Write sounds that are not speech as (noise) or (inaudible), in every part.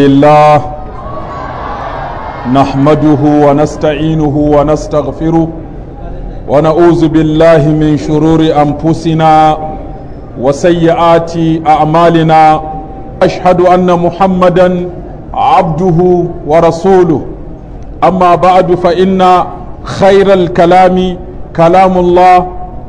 لله نحمده ونستعينه ونستغفره ونعوذ بالله من شرور انفسنا وسيئات اعمالنا اشهد ان محمدا عبده ورسوله اما بعد فان خير الكلام كلام الله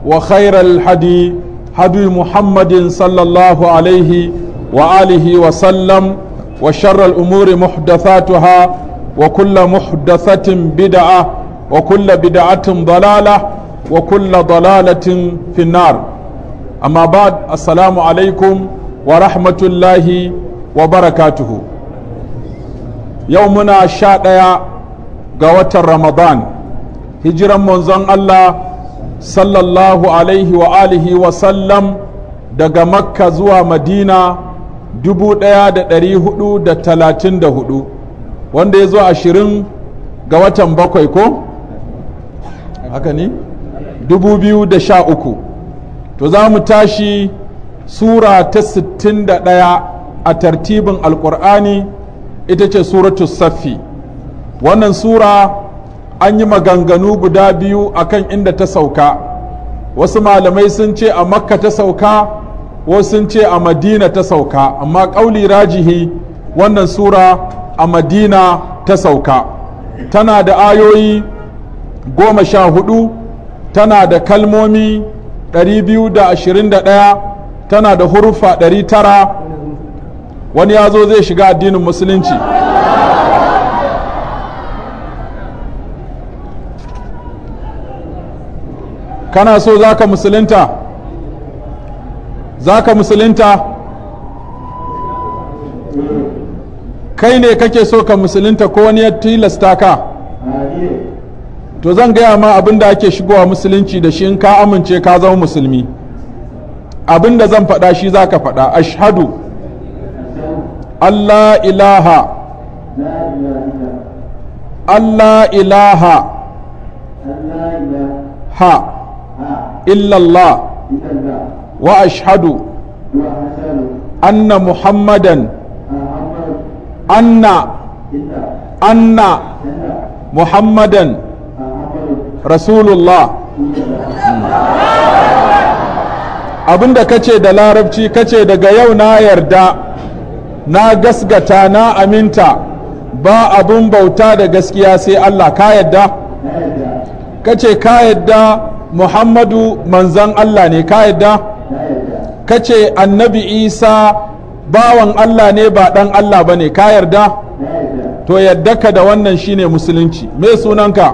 وخير الحدي هدي محمد صلى الله عليه واله وسلم وشر الأمور محدثاتها وكل محدثة بدعة وكل بدعة ضلالة وكل ضلالة في النار أما بعد السلام عليكم ورحمة الله وبركاته يومنا شاقيا قوة رمضان هجرا منزن الله صلى الله عليه وآله وسلم daga makka zuwa madina 1434 wanda ya zo ashirin ga watan bakwai ko? haka ne? 2013 to za mu tashi sura ta 61 a tartibin Alƙur'ani? ita ce suratu safi wannan sura an yi maganganu guda biyu akan inda ta sauka wasu malamai sun ce a makka ta sauka wasu ce a madina ta sauka amma ƙauli rajihi wannan sura a madina ta sauka tana da ayoyi goma sha hudu tana da kalmomi 221 tana da hurufa 900 wani ya zo zai shiga addinin musulunci kana so zaka ka musulunta za ka musulunta kai ne kake so ka musulunta ko wani ya tilasta ka to zan gaya ma abin da ake shigowa musulunci da shi in ka amince ka zama musulmi abin da zan faɗa shi za ka faɗa ashadu allah ilaha allah ilaha ha illallah وأشهد أن محمدا أن أن محمدا رسول الله abinda kace da larabci kace daga yau na yarda na gasgata na aminta ba abin bauta da gaskiya sai Allah ka yarda kace ka yarda Muhammadu manzan Allah ne ka yarda ka ce annabi isa bawan allah ne ba dan allah ba ne ka yarda to yadda ka da wannan shine musulunci me sunanka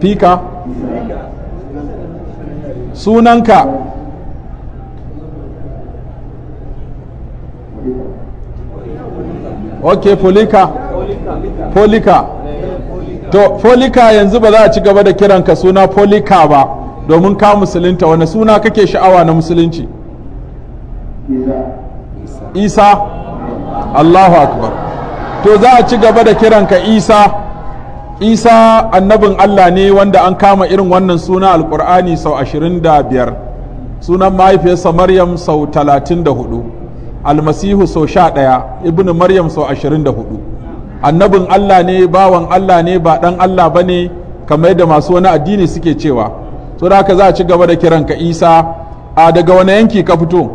fika sunanka ok polika polika to folika yanzu ba za a ci gaba da kiranka suna folika ba domin ka musulunta wani suna kake sha'awa na musulunci isa allahu akbar to za a ci gaba da kiranka isa isa annabin allah ne wanda an kama irin wannan suna alkur'ani sau 25 sunan mahaifiyarsa maryam sau 34 almasihu sau 11 Ibn maryam sau 24 annabin Allah ne bawan Allah ne ba dan Allah ba ne kamar yadda masu wani addini suke cewa so da haka za a ci gaba da kiran ka isa a daga wani yanki ka fito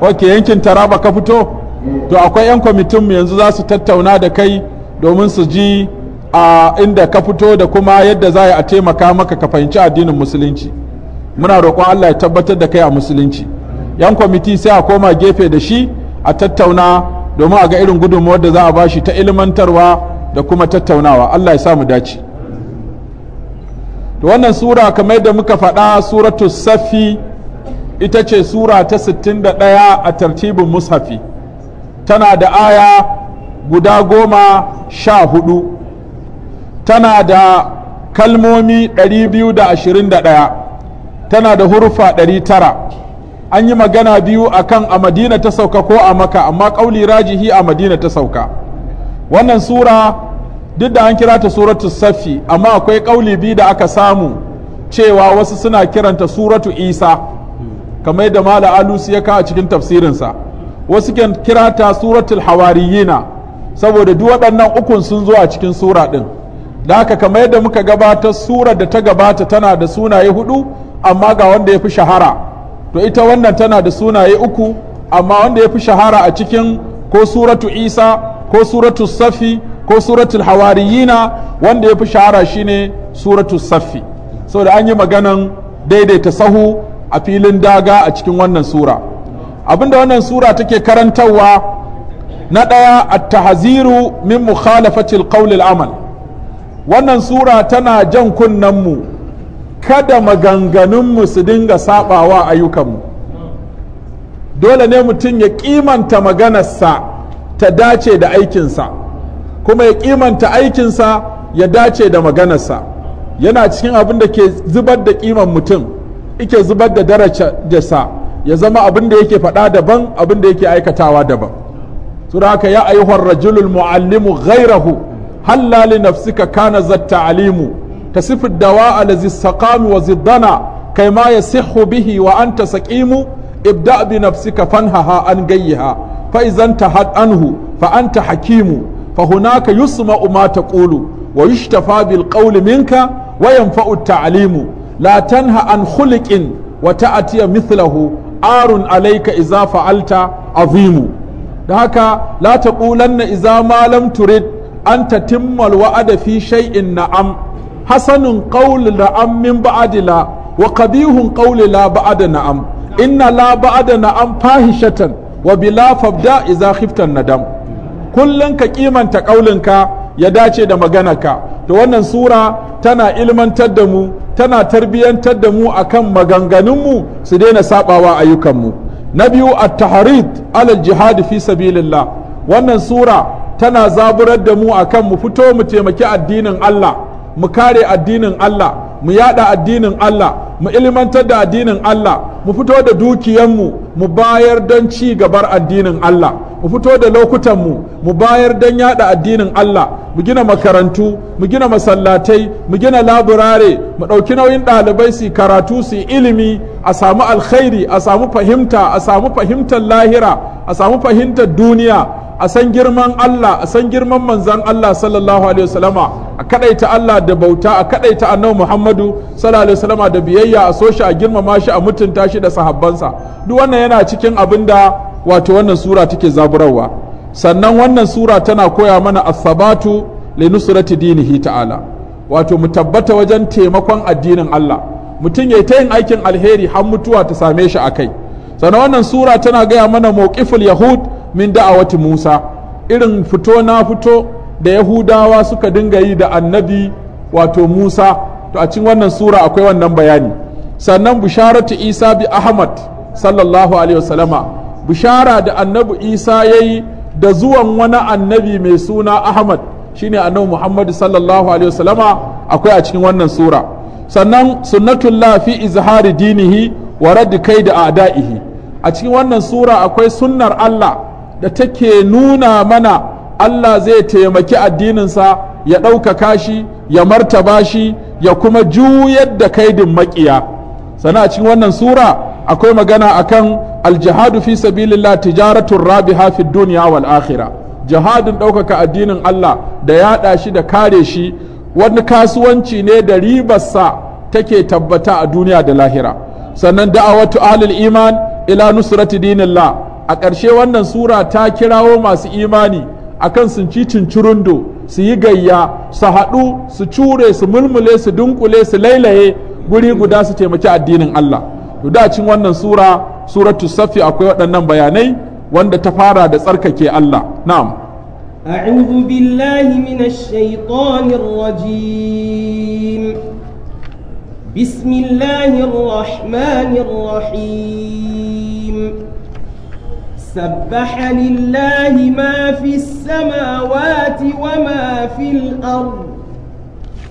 ok yankin taraba ka fito to akwai 'yan kwamitin yanzu za su tattauna da kai domin su ji a inda ka fito da kuma yadda za a taimaka maka ka fahimci addinin musulunci muna roƙon allah ya tabbatar da kai a musulunci 'yan kwamiti sai a koma gefe da shi a tattauna domin a ga irin gudunmuwar da za a bashi ta ilmantarwa da kuma tattaunawa Allah ya samu dace to wannan sura kamar yadda muka faɗa suratu safi ita ce sura ta 61 a tartibin mushafi tana da aya guda goma sha hudu tana da kalmomi 221 tana da hurufa 900 an yi magana biyu a kan a madina ta sauka ko a maka amma ƙauli rajihi a madina ta sauka wannan sura duk da an kira ta suratu safi amma akwai ƙauli biyu da aka samu cewa wasu suna kiranta suratu isa kamar yadda mala alusi ya kawo cikin tafsirinsa wasu kan kira ta suratu hawariyina saboda duk waɗannan ukun sun zo a cikin sura ɗin da haka kamar yadda muka gabatar surar da ta gabata tana da sunaye hudu amma ga wanda ya fi shahara to ita wannan tana da sunaye uku amma wanda ya fi shahara a cikin ko suratu isa ko suratu safi ko suratul hawariyina wanda ya fi shahara shine suratu safi saboda an yi maganan daidaita sahu a filin daga a cikin wannan sura abinda wannan sura take karantarwa na ɗaya at-tahziru min mukhalafatil qawlil amal wannan sura tana jan kunnen mu kada maganganunmu su dinga sabawa ayyukanmu dole ne mutum ya kimanta maganarsa ta dace da aikinsa kuma ya kimanta aikinsa ya dace da maganarsa yana cikin abin da ke zubar da kiman mutum ike zubar da daraja sa ya zama abin da yake faɗa daban abin da yake aikatawa daban su haka ya ayyuhar rajulul mu'allimu ghairahu hallali nafsika kana zatta alimu تسف الدواء الذي السقام وزدنا كما يصح به وأنت سقيم ابدأ بنفسك فانهها عن جيها فإذا انتهت عنه فأنت حكيم فهناك يسمع ما تقول ويشتفى بالقول منك وينفع التعليم لا تنهى عن خلق وتأتي مثله آر عليك إذا فعلت عظيم هكا لا تقولن إذا ما لم ترد أن تتم الوعد في شيء نعم hasanun qawli la'am min ba'adila wa qabihun qawli la ba'ada na'am inna la ba'ada na'am fahishatan wa bila fabda idza na dam kullum ka kimanta kaulinka ya dace da maganarka to wannan sura tana ilmantar da mu tana tarbiyyantar da mu akan maganganunmu su daina sabawa ayyukanmu na biyu at alal ala jihad fi sabilillah wannan sura tana zaburar da mu akan mu fito mu taimaki addinin Allah mu kare addinin Allah mu yada addinin Allah mu ilimantar da addinin Allah mu fito da dukiyanmu mu bayar don ci gabar addinin Allah mu fito da lokutanmu mu bayar don yada addinin Allah mu gina makarantu mu gina masallatai mu gina laburare mu ɗauki nauyin ɗalibai su karatu su ilimi a samu alkhairi a samu fahimta a samu fahimtar lahira a samu fahimtar duniya a san girman Allah a san girman manzan Allah sallallahu alaihi wasallama a kadaita Allah da bauta a kadaita annabi Muhammadu sallallahu alaihi wasallama da biyayya a soshi a girmama shi a mutunta shi da sahabbansa duk wannan yana cikin abin da wato wannan sura take zaburarwa sannan wannan sura tana koya mana as-sabatu li nusrati dinihi ta'ala wato mu tabbata wajen taimakon addinin Allah mutum ya ta yin aikin alheri har mutuwa ta same shi akai sannan wannan sura tana gaya mana mawqiful yahud min da'awati Musa irin fito na fito da Yahudawa suka dinga yi da annabi wato Musa to a cikin wannan sura akwai wannan bayani sannan bisharatu Isa bi Ahmad sallallahu alaihi wasallama bishara da annabi Isa yayi da zuwan wani annabi mai suna Ahmad shine annabi Muhammad sallallahu alaihi wasallama akwai a cikin wannan sura sannan sunnatullah fi izhari dinihi wa radd kaid a'da'ihi a cikin wannan sura akwai sunnar Allah da take nuna mana Allah zai taimaki addininsa ya ɗaukaka shi ya martaba shi ya kuma juyar da kaidin maƙiya sana a cikin wannan sura akwai magana akan aljihadu fi sabilillah tijaratun rabiha fi duniya wal akhira jihadin ɗaukaka addinin Allah da yaɗa shi da kare shi wani kasuwanci ne da ribarsa take tabbata a duniya da lahira sannan da'awatu ahlul iman ila nusrati dinillah a ƙarshe wannan sura ta kirawo masu imani akan sun ci cincirundo su yi gayya su haɗu su cure su mulmule su dunkule su lailaye guri guda su taimaki addinin Allah to da cin wannan sura suratu safi akwai waɗannan bayanai wanda ta fara da tsarkake Allah na'am أعوذ بالله من الشيطان الرجيم بسم الله الرحمن الرحيم سبح لله ما في السماوات وما في الأرض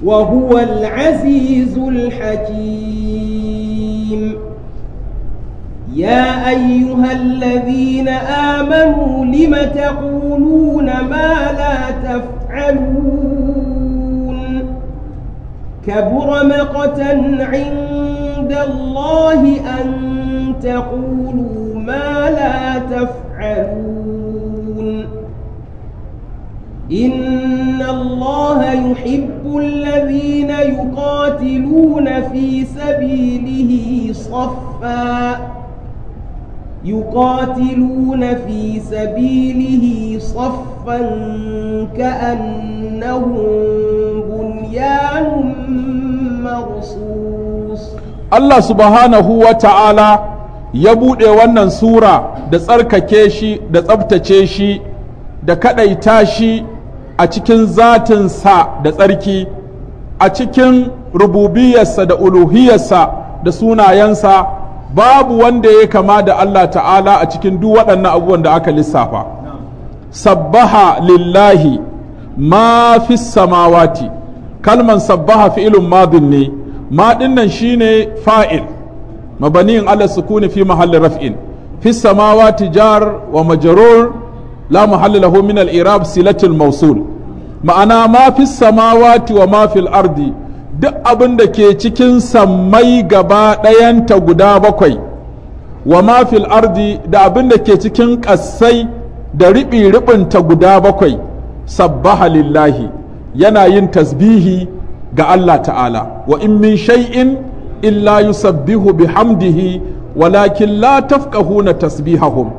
وهو العزيز الحكيم يا أيها الذين آمنوا لم تقولون ما لا تفعلون كبر مقتا عند الله أن تقولوا ما لا تفعلون إن الله يحب الذين يقاتلون في سبيله صفا يقاتلون في سبيله صفا كأنهم بنيان مرصوص الله سبحانه وتعالى ya buɗe wannan sura da tsarkake shi da tsabtace shi da kaɗaita shi a cikin zatinsa da tsarki a cikin rububiyarsa da uluhiyarsa da sunayensa babu wanda ya kama da Allah ta'ala a cikin duk waɗannan abubuwan da aka lissafa sabbaha lillahi ma fi samawati kalman sabbaha fi'ilun madin ne ma dinnan shine fa'il مبني على السكون في محل رفع في السماوات جار ومجرور لا محل له من الإعراب صلة الموصول ma'ana ma fi samawati wa ma fil ardi duk abin da ke cikin sammai gaba ɗayanta guda bakwai wa ma ardi da abin da ke cikin ƙasai da riɓi riɓinta guda bakwai sabbaha lillahi yana yin tasbihi ga Allah ta'ala wa in min shay'in illa yusabbihu bihamdihi walakin la tafqahuna tasbihahum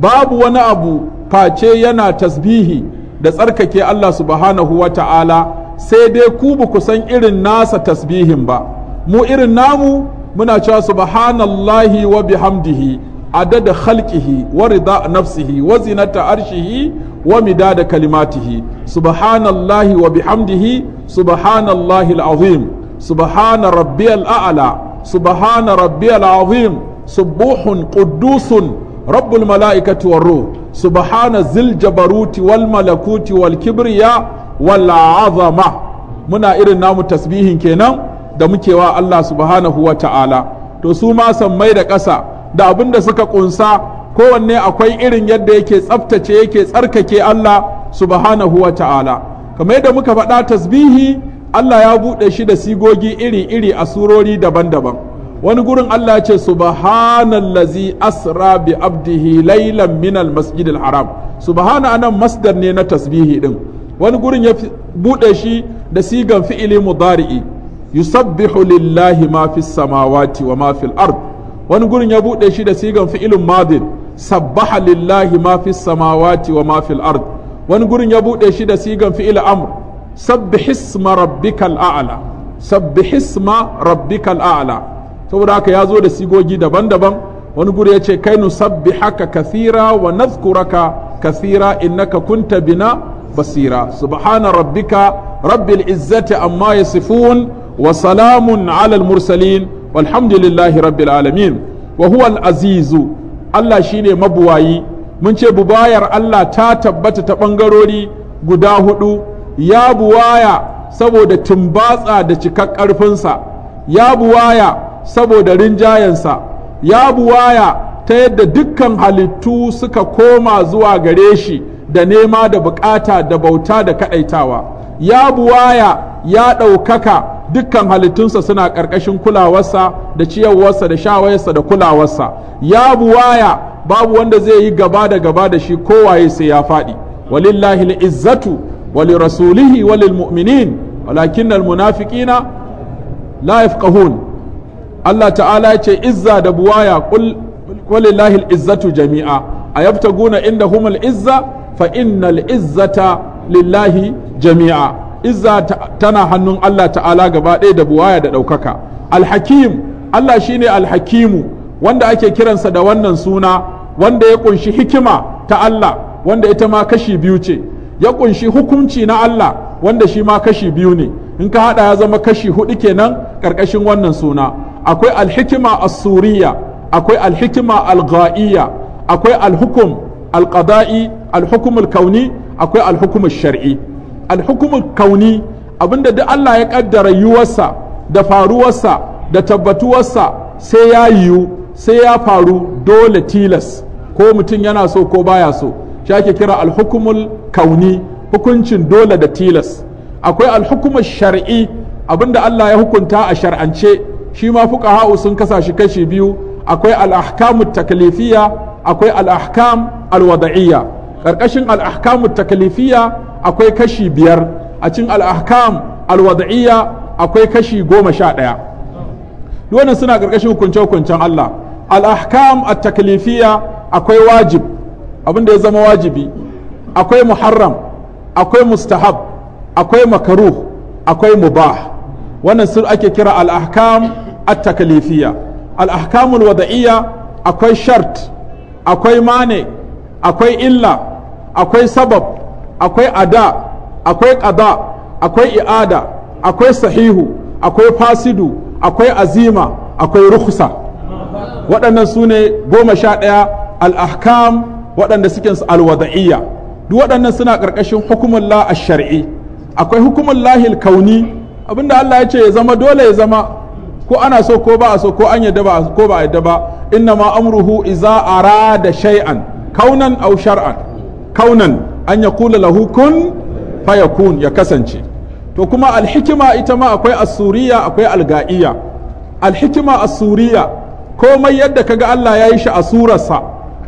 babu wani abu face yana tasbihi da tsarkake Allah subhanahu wa ta'ala sai dai ku ba ku san irin nasa tasbihin ba mu irin namu muna cewa subhanallahi wa bihamdihi adada khalqihi wa rida nafsihi wa zinata arshihi wa da kalimatihi subhanallahi wa bihamdihi subhanallahi al'azim subhana rabbiyal a'la subhana rabbiyal azim subuhun quddusun rabbul mala'ikati war ruh subhana zil jabaruti wal malakuti wal kibriya wal azama muna irin namu tasbihin kenan da mukewa wa Allah subhanahu wa ta'ala to suma ma sammai da ƙasa da abin da suka kunsa kowanne akwai irin yadda yake tsaftace yake tsarkake Allah subhanahu wa ta'ala kamar yadda muka faɗa tasbihi Allah ya buɗe shi da sigogi iri-iri a surori daban-daban wani gurin Allah ce subhanallazi asra bi abdihi laylan minal masjidil haram subhana anan masdar ne na tasbihi din wani gurin ya buɗe shi da sigan fi'ili mudari'i yusabbihu lillahi ma fis samawati wa ma fil ard wani gurin ya buɗe shi da sigan fi'ilin madin sabbaha lillahi ma fis samawati wa ma fil ard wani gurin ya buɗe shi da sigan fi'il amr sabbihisma rabbikal a'la sabbihisma rabbikal a'la saboda haka ya zo da sigogi daban-daban wani guri ya ce kai nusabbihaka kathira wa nadhkuraka kathira innaka kunta bina basira subhana rabbika rabbil izzati amma yasifun wa salamun ala mursalin walhamdulillahi rabbil alamin wa huwa al-azizu Allah shine mabuwayi mun ce bubayar Allah ta tabbata ta bangarori guda hudu ya buwaya saboda tumbatsa da cikak ƙarfinsa ya buwaya saboda rinjayensa ya buwaya ta yadda dukkan halittu suka koma zuwa gare shi da nema da bukata da bauta da kaɗaitawa ya buwaya ya ɗaukaka dukkan halittunsa suna ƙarƙashin kulawarsa da ciyarwarsa da shawayarsa da kulawarsa ya buwaya babu wanda zai yi gaba da gaba da shi kowaye sai ya faɗi walillahi izzatu ولرسوله وللمؤمنين ولكن المنافقين لا يفقهون الله تعالى يقول إزا دبوايا قل ولله العزة جميعا أيبتغون عندهم العزة فإن العزة lillahi jami'a izza tana hannun Allah ta'ala gaba ɗaya da buwaya da ɗaukaka alhakim Allah shine alhakimu wanda ake kiransa da wannan suna wanda ya ƙunshi hikima ta Allah wanda ita ma kashi biyu ce ya ƙunshi hukunci na Allah wanda shi ma kashi biyu ne in ka haɗa ya zama kashi hudu kenan ƙarƙashin wannan suna akwai alhikima as-suriya akwai alhikima al ga'iyya. akwai alhukum al-qada'i alhukum al-kauni akwai alhukum al-shar'i alhukum al-kauni abinda duk Allah ya kaddara yuwarsa da faruwarsa da tabbatuwarsa sai ya yiwu sai ya faru dole tilas ko mutum yana so ko baya so shi ake kira alhukumul kauni hukuncin dole da tilas akwai alhukumul shar'i abinda Allah ya hukunta a shar'ance shi ma fuqaha'u sun kasa shi kashi biyu akwai al'ahkamu ahkamut akwai al'ahkam ahkam al-wada'iyya karkashin akwai kashi biyar a cikin al'ahkam ahkam akwai kashi goma sha ɗaya wannan suna karkashin hukunce-hukuncen Allah al-ahkam at akwai wajib abin da ya zama wajibi akwai muharram akwai mustahab akwai makaruh akwai mubah wannan sun ake kira al'ahkam ahkam at-takalifiyya al-ahkamul wada'iyya akwai shart akwai mane akwai illa akwai sabab akwai ada akwai ƙada akwai i'ada akwai sahihu akwai fasidu akwai azima akwai rukhsa waɗannan su ne goma sha ɗaya al-ahkam waɗanda suke alwada'iyya duk waɗannan suna ƙarƙashin hukumullah a shari akwai lahil kauni abinda Allah ya ce ya zama dole ya zama ko ana so ko ba a so ko an yadda ba ko ba yadda ba inna ma amruhu iza arada shay'an kaunan aw shar'an kaunan an yaqula lahu kun fayakun ya kasance to kuma alhikima ita ma akwai asuriya akwai alga'iya alhikima asuriya komai yadda kaga Allah ya yi shi a surarsa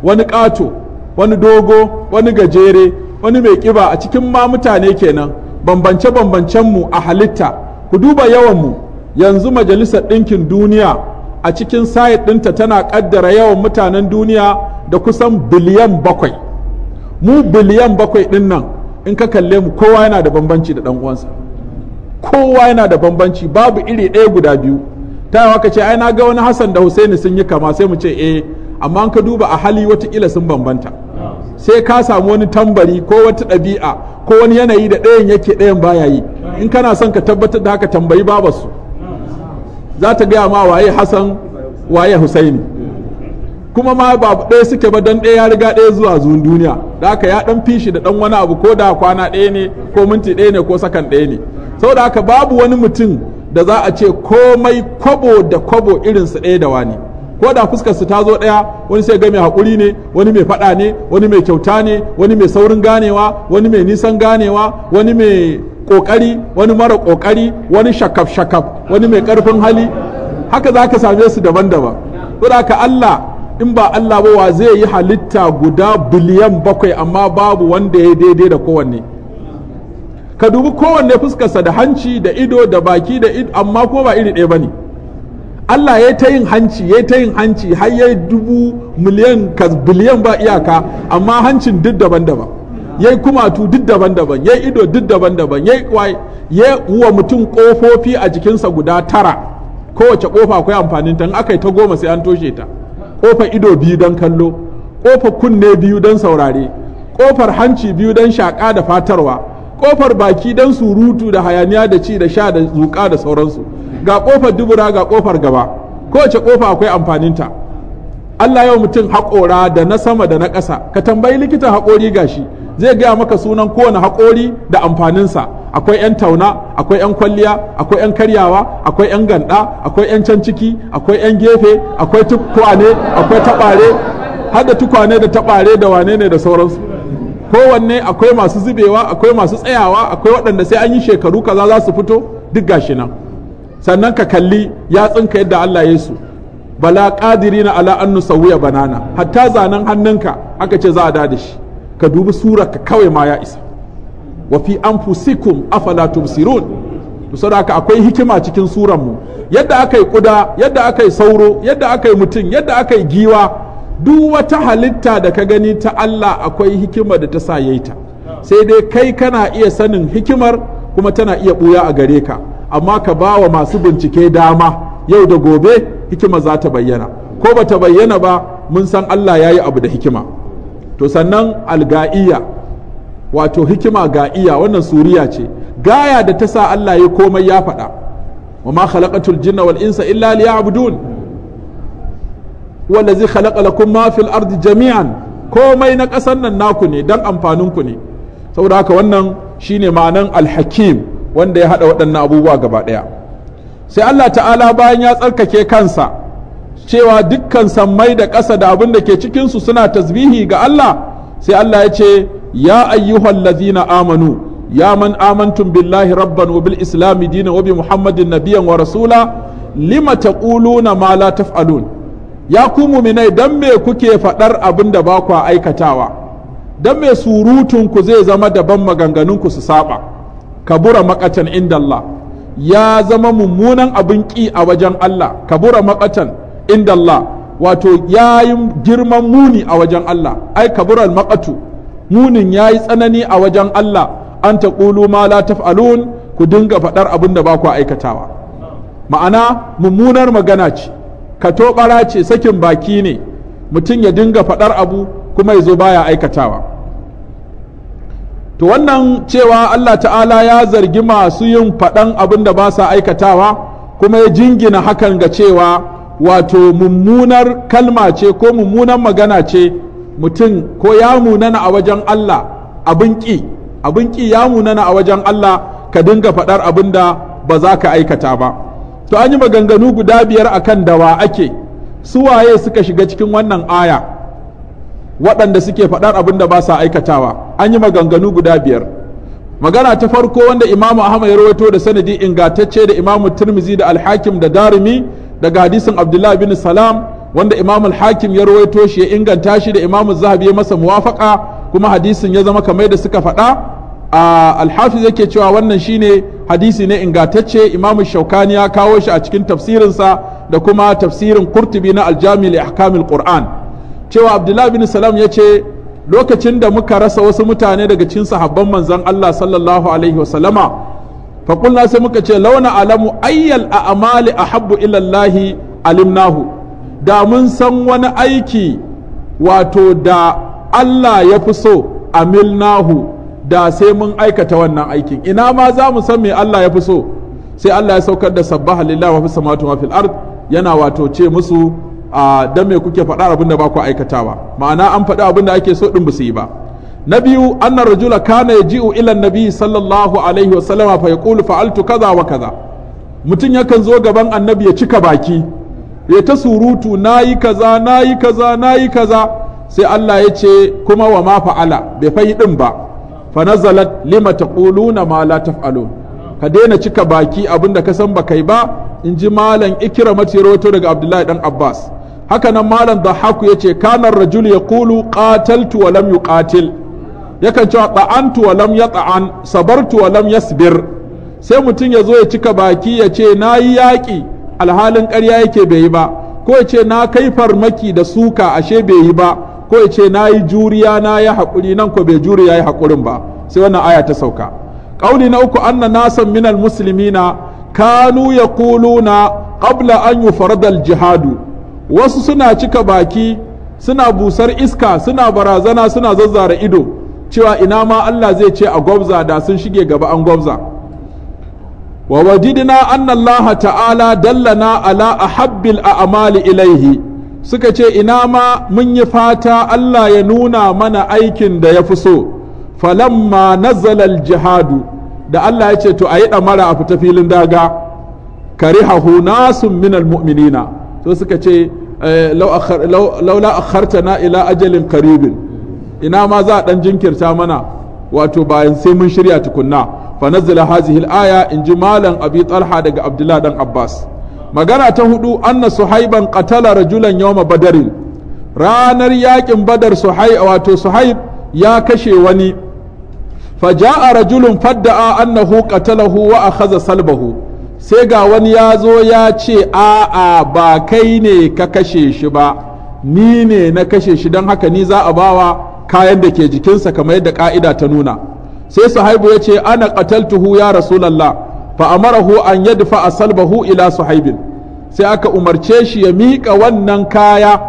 wani ƙato wani dogo wani gajere wani mai kiba a cikin ma mutane kenan bambance bambancenmu a halitta ku duba yawanmu yanzu majalisar ɗinkin duniya a cikin sayid ɗinta tana kaddara yawan mutanen duniya da kusan biliyan bakwai mu biliyan bakwai ɗin nan in ka kalle mu kowa yana da bambanci da ɗan uwansa kowa yana da bambanci babu iri ɗaya guda biyu ta yawa ka ce ai na ga wani hassan da husaini sun yi kama sai mu ce eh amma an ka duba a hali watakila sun bambanta sai ka samu wani tambari ko wata ɗabi'a ko wani yanayi da ɗayan yake ɗayan baya yi in kana son ka tabbatar da haka tambayi babarsu za ta gaya ma waye hassan waye husaini kuma ma ba ɗaya suke ba don ɗaya ya riga ɗaya zuwa zuwan duniya da haka ya ɗan fishi da ɗan wani abu ko da kwana ɗaya ne ko minti ɗaya ne ko sakan ɗaya ne saboda haka babu wani mutum da za a ce komai kwabo da kwabo irinsu ɗaya da wani ko da fuskar su ta zo ɗaya wani sai ga mai hakuri ne wani mai faɗa ne wani mai kyauta ne wani mai saurin ganewa wani mai nisan ganewa wani mai kokari wani mara kokari wani shakaf shakaf wani mai karfin hali haka za ka same su daban-daban ka Allah in ba Allah ba wa zai yi halitta guda biliyan bakwai amma babu wanda ya daidai da kowanne ka dubi kowanne fuskarsa da hanci da ido da baki da ido amma ko ba iri ɗaya ba ne Allah ya ta yin hanci ya ta yin hanci har ya dubu miliyan ka biliyan ba iyaka amma hancin duk daban-daban ya yi kumatu duk daban-daban ya yi ido duk daban-daban ya yi ya wa mutum ƙofofi a jikinsa guda tara kowace kofa akwai amfanin ta aka yi ta goma sai an toshe ta kofar ido biyu don kallo kofar kunne biyu don saurare ƙofar hanci biyu don shaƙa da fatarwa ƙofar baki don surutu da hayaniya da ci da sha da zuƙa da sauransu ga kofar dubura ga kofar gaba kowace kofa akwai amfaninta Allah yau mutum haƙora da na sama da na ƙasa ka tambayi likitan haƙori gashi zai gaya maka sunan kowane haƙori da amfaninsa akwai 'yan tauna akwai 'yan kwalliya akwai 'yan karyawa akwai 'yan ganda akwai 'yan can ciki akwai 'yan gefe akwai tukwane akwai taɓare har da tukwane da taɓare da wane ne da sauransu kowanne akwai masu zubewa akwai masu tsayawa akwai waɗanda sai an yi shekaru kaza za su fito duk gashi nan sannan ka kalli yatsunka yadda Allah ya su bala na ala an nusawiya banana hatta zanen hannunka aka ce za a dada shi ka dubi ka kawai ma ya isa wa fi anfusikum afala tubsirun to saboda akwai hikima cikin surar mu yadda aka yi kuda yadda aka yi sauro yadda aka yi mutum yadda aka yi giwa duk wata halitta da ka gani ta Allah akwai hikima da ta sa yayi sai dai kai kana iya sanin hikimar kuma tana iya buya a gare ka amma ka ba wa masu bincike dama yau da gobe hikima za ta bayyana ko ba ta bayyana ba mun san Allah ya yi abu da hikima to sannan alga'iya wato hikima ga'iya wannan suriya ce gaya da ta sa Allah ya komai ya faɗa wa ma khalaqatul jinna wal insa illa liya'budun wallazi khalaqa lakum ma fil ardi jami'an komai na ƙasar nan naku ne dan amfanin ku ne saboda haka wannan shine ma'anan alhakim wanda ya haɗa waɗannan abubuwa gaba ɗaya sai Allah ta'ala bayan ya tsarkake kansa cewa dukkan sammai da ƙasa da abin da ke cikinsu suna tasbihi ga Allah sai Allah ya ce ya ayyuhal lazina amanu ya man amantum billahi rabban wa bil islami dina wa bi muhammadin nabiyan wa rasula lima taquluna ma la taf'alun ya ku muminai dan me kuke faɗar abin da ba ku aikatawa dan me surutun ku zai zama daban maganganun ku su saba kabura makatan inda Allah ya zama mummunan abin ƙi a wajen Allah kabura makatan inda Allah wato ya yi girman muni a wajen Allah ai kabura makatu munin ya yi tsanani a wajen Allah an ta ƙulu ma la taf'alun ku dinga faɗar abin da ba ku aikatawa ma'ana mummunar magana ce ka ɓara ce sakin baki ne mutum ya dinga faɗar abu kuma ya zo baya aikatawa to wannan cewa Allah ta'ala ya zargi masu yin faɗan abin da ba sa aikatawa kuma ya jingina hakan ga cewa wato mummunar kalma ce ko mummunar magana ce mutum ko ya munana a wajen Allah abin ƙi abin ƙi ya munana a wajen Allah ka dinga faɗar abin da ba za ka aikata ba to an yi maganganu guda biyar akan dawa ake suwaye suka shiga cikin wannan aya waɗanda suke faɗar abin da ba sa aikatawa an yi maganganu guda biyar magana ta farko wanda imamu ahmad ya rawaito da sanadi ingantacce da imamu turmizi da alhakim da darimi daga hadisin Abdullahi bin salam wanda imamu alhakim ya rawaito shi ya inganta shi da imamu zahabi ya masa muwafaka kuma hadisin ya zama kamar da suka faɗa a alhafiz yake cewa wannan shine hadisi ne ingantacce imamu shaukani ya kawo shi a cikin tafsirinsa da kuma tafsirin kurtubi na aljami li ahkamil qur'an cewa abdullahi bin salam ya ce lokacin da muka rasa wasu mutane daga cikin sahabban manzan Allah sallallahu alaihi wasallama sai muka ce launa alamu ayyal a a'mali a habbu ilallahi alimnahu da mun san wani aiki wato da Allah ya fi so amilnahu da sai mun aikata wannan aikin ina ma za mu san me Allah ya fi so sai Allah ya saukar da sabbaha lillahi wa fi samawati wa fil ard yana wato ce musu a dan me kuke faɗa abin da ba ku aikatawa ma'ana an faɗi abin da ake so din ba su yi ba na biyu anna rajula kana yaji'u ila nabi sallallahu alaihi wa sallama fa yaqulu fa'altu kaza wa kaza mutum yakan zo gaban annabi ya cika baki ya ta surutu nayi kaza nayi kaza nayi kaza sai Allah ya ce kuma wa ma fa'ala bai fayi ɗin ba fa nazalat lima taquluna ma la taf'alun ka daina cika baki abinda ka san ba kai ba in ji malam ikira mace rawato daga abdullahi dan abbas haka nan malam ya ce kanar rajul kulu qataltu wa lam yuqatil yakan cewa ta'antu wa lam yata'an sabartu wa lam yasbir sai mutum ya zo ya cika baki ya ce na yi yaƙi alhalin ƙarya yake bai yi ba ko ya ce na kai farmaki da suka ashe bai yi ba ko ya ce na yi juriya na yi haƙuri nan ko bai juriya ya yi haƙurin ba sai wannan aya ta sauka ƙauli na uku anna nasan minal muslimina kanu yaquluna qabla an yufarada al jihadu wasu suna cika baki suna busar iska suna barazana suna zazzara ido cewa ina ma Allah zai ce a gwabza da sun shige gaba an gwabza wa wajidina anna Allah ta'ala dallana ala ahabbil a'mali ilaihi suka ce ina ma mun yi fata Allah ya nuna mana aikin da ya fi so falamma nazala al-jihadu da Allah ya ce to ayi damara a fita filin daga karihahu nasun minal mu'minina to suka ce eh, laula na ila ajalin karibin ina ma za a dan jinkirta mana wato bayan sai mun shirya tukunna fa nazzala hazihi al-aya in ji malam abi talha daga abdullah dan abbas magana ta hudu anna suhaiban qatala rajulan yawma badarin ranar yakin badar suhaib wato suhaib ya kashe wani faja'a rajulun fadda'a annahu qatalahu wa akhadha salbahu sai ga wani ya zo ya ce a'a ba kai ne ka kashe shi ba ni ne na kashe shi don haka ni za a bawa kayan da ke jikinsa kamar yadda ka'ida ta nuna sai Suhaibu ya ce ana kataltuhu ya rasulallah fa amarahu an yadfa asalbahu ila suhaibin sai aka umarce shi ya miƙa wannan kaya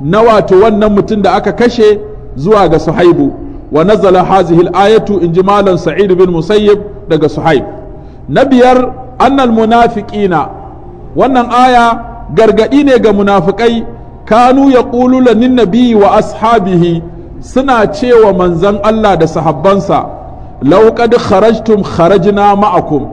na wato wannan mutum da aka kashe zuwa ga suhaibu wa nazala hazihi al-ayatu in ji malam sa'id bin musayyib daga suhaib na biyar annal munafiqina wannan aya gargadi ne ga munafikai kanu ya ƙulula nabi wa ashabihi suna cewa manzan Allah da sahabbansa lauƙad kharajtum kharajna ma'akum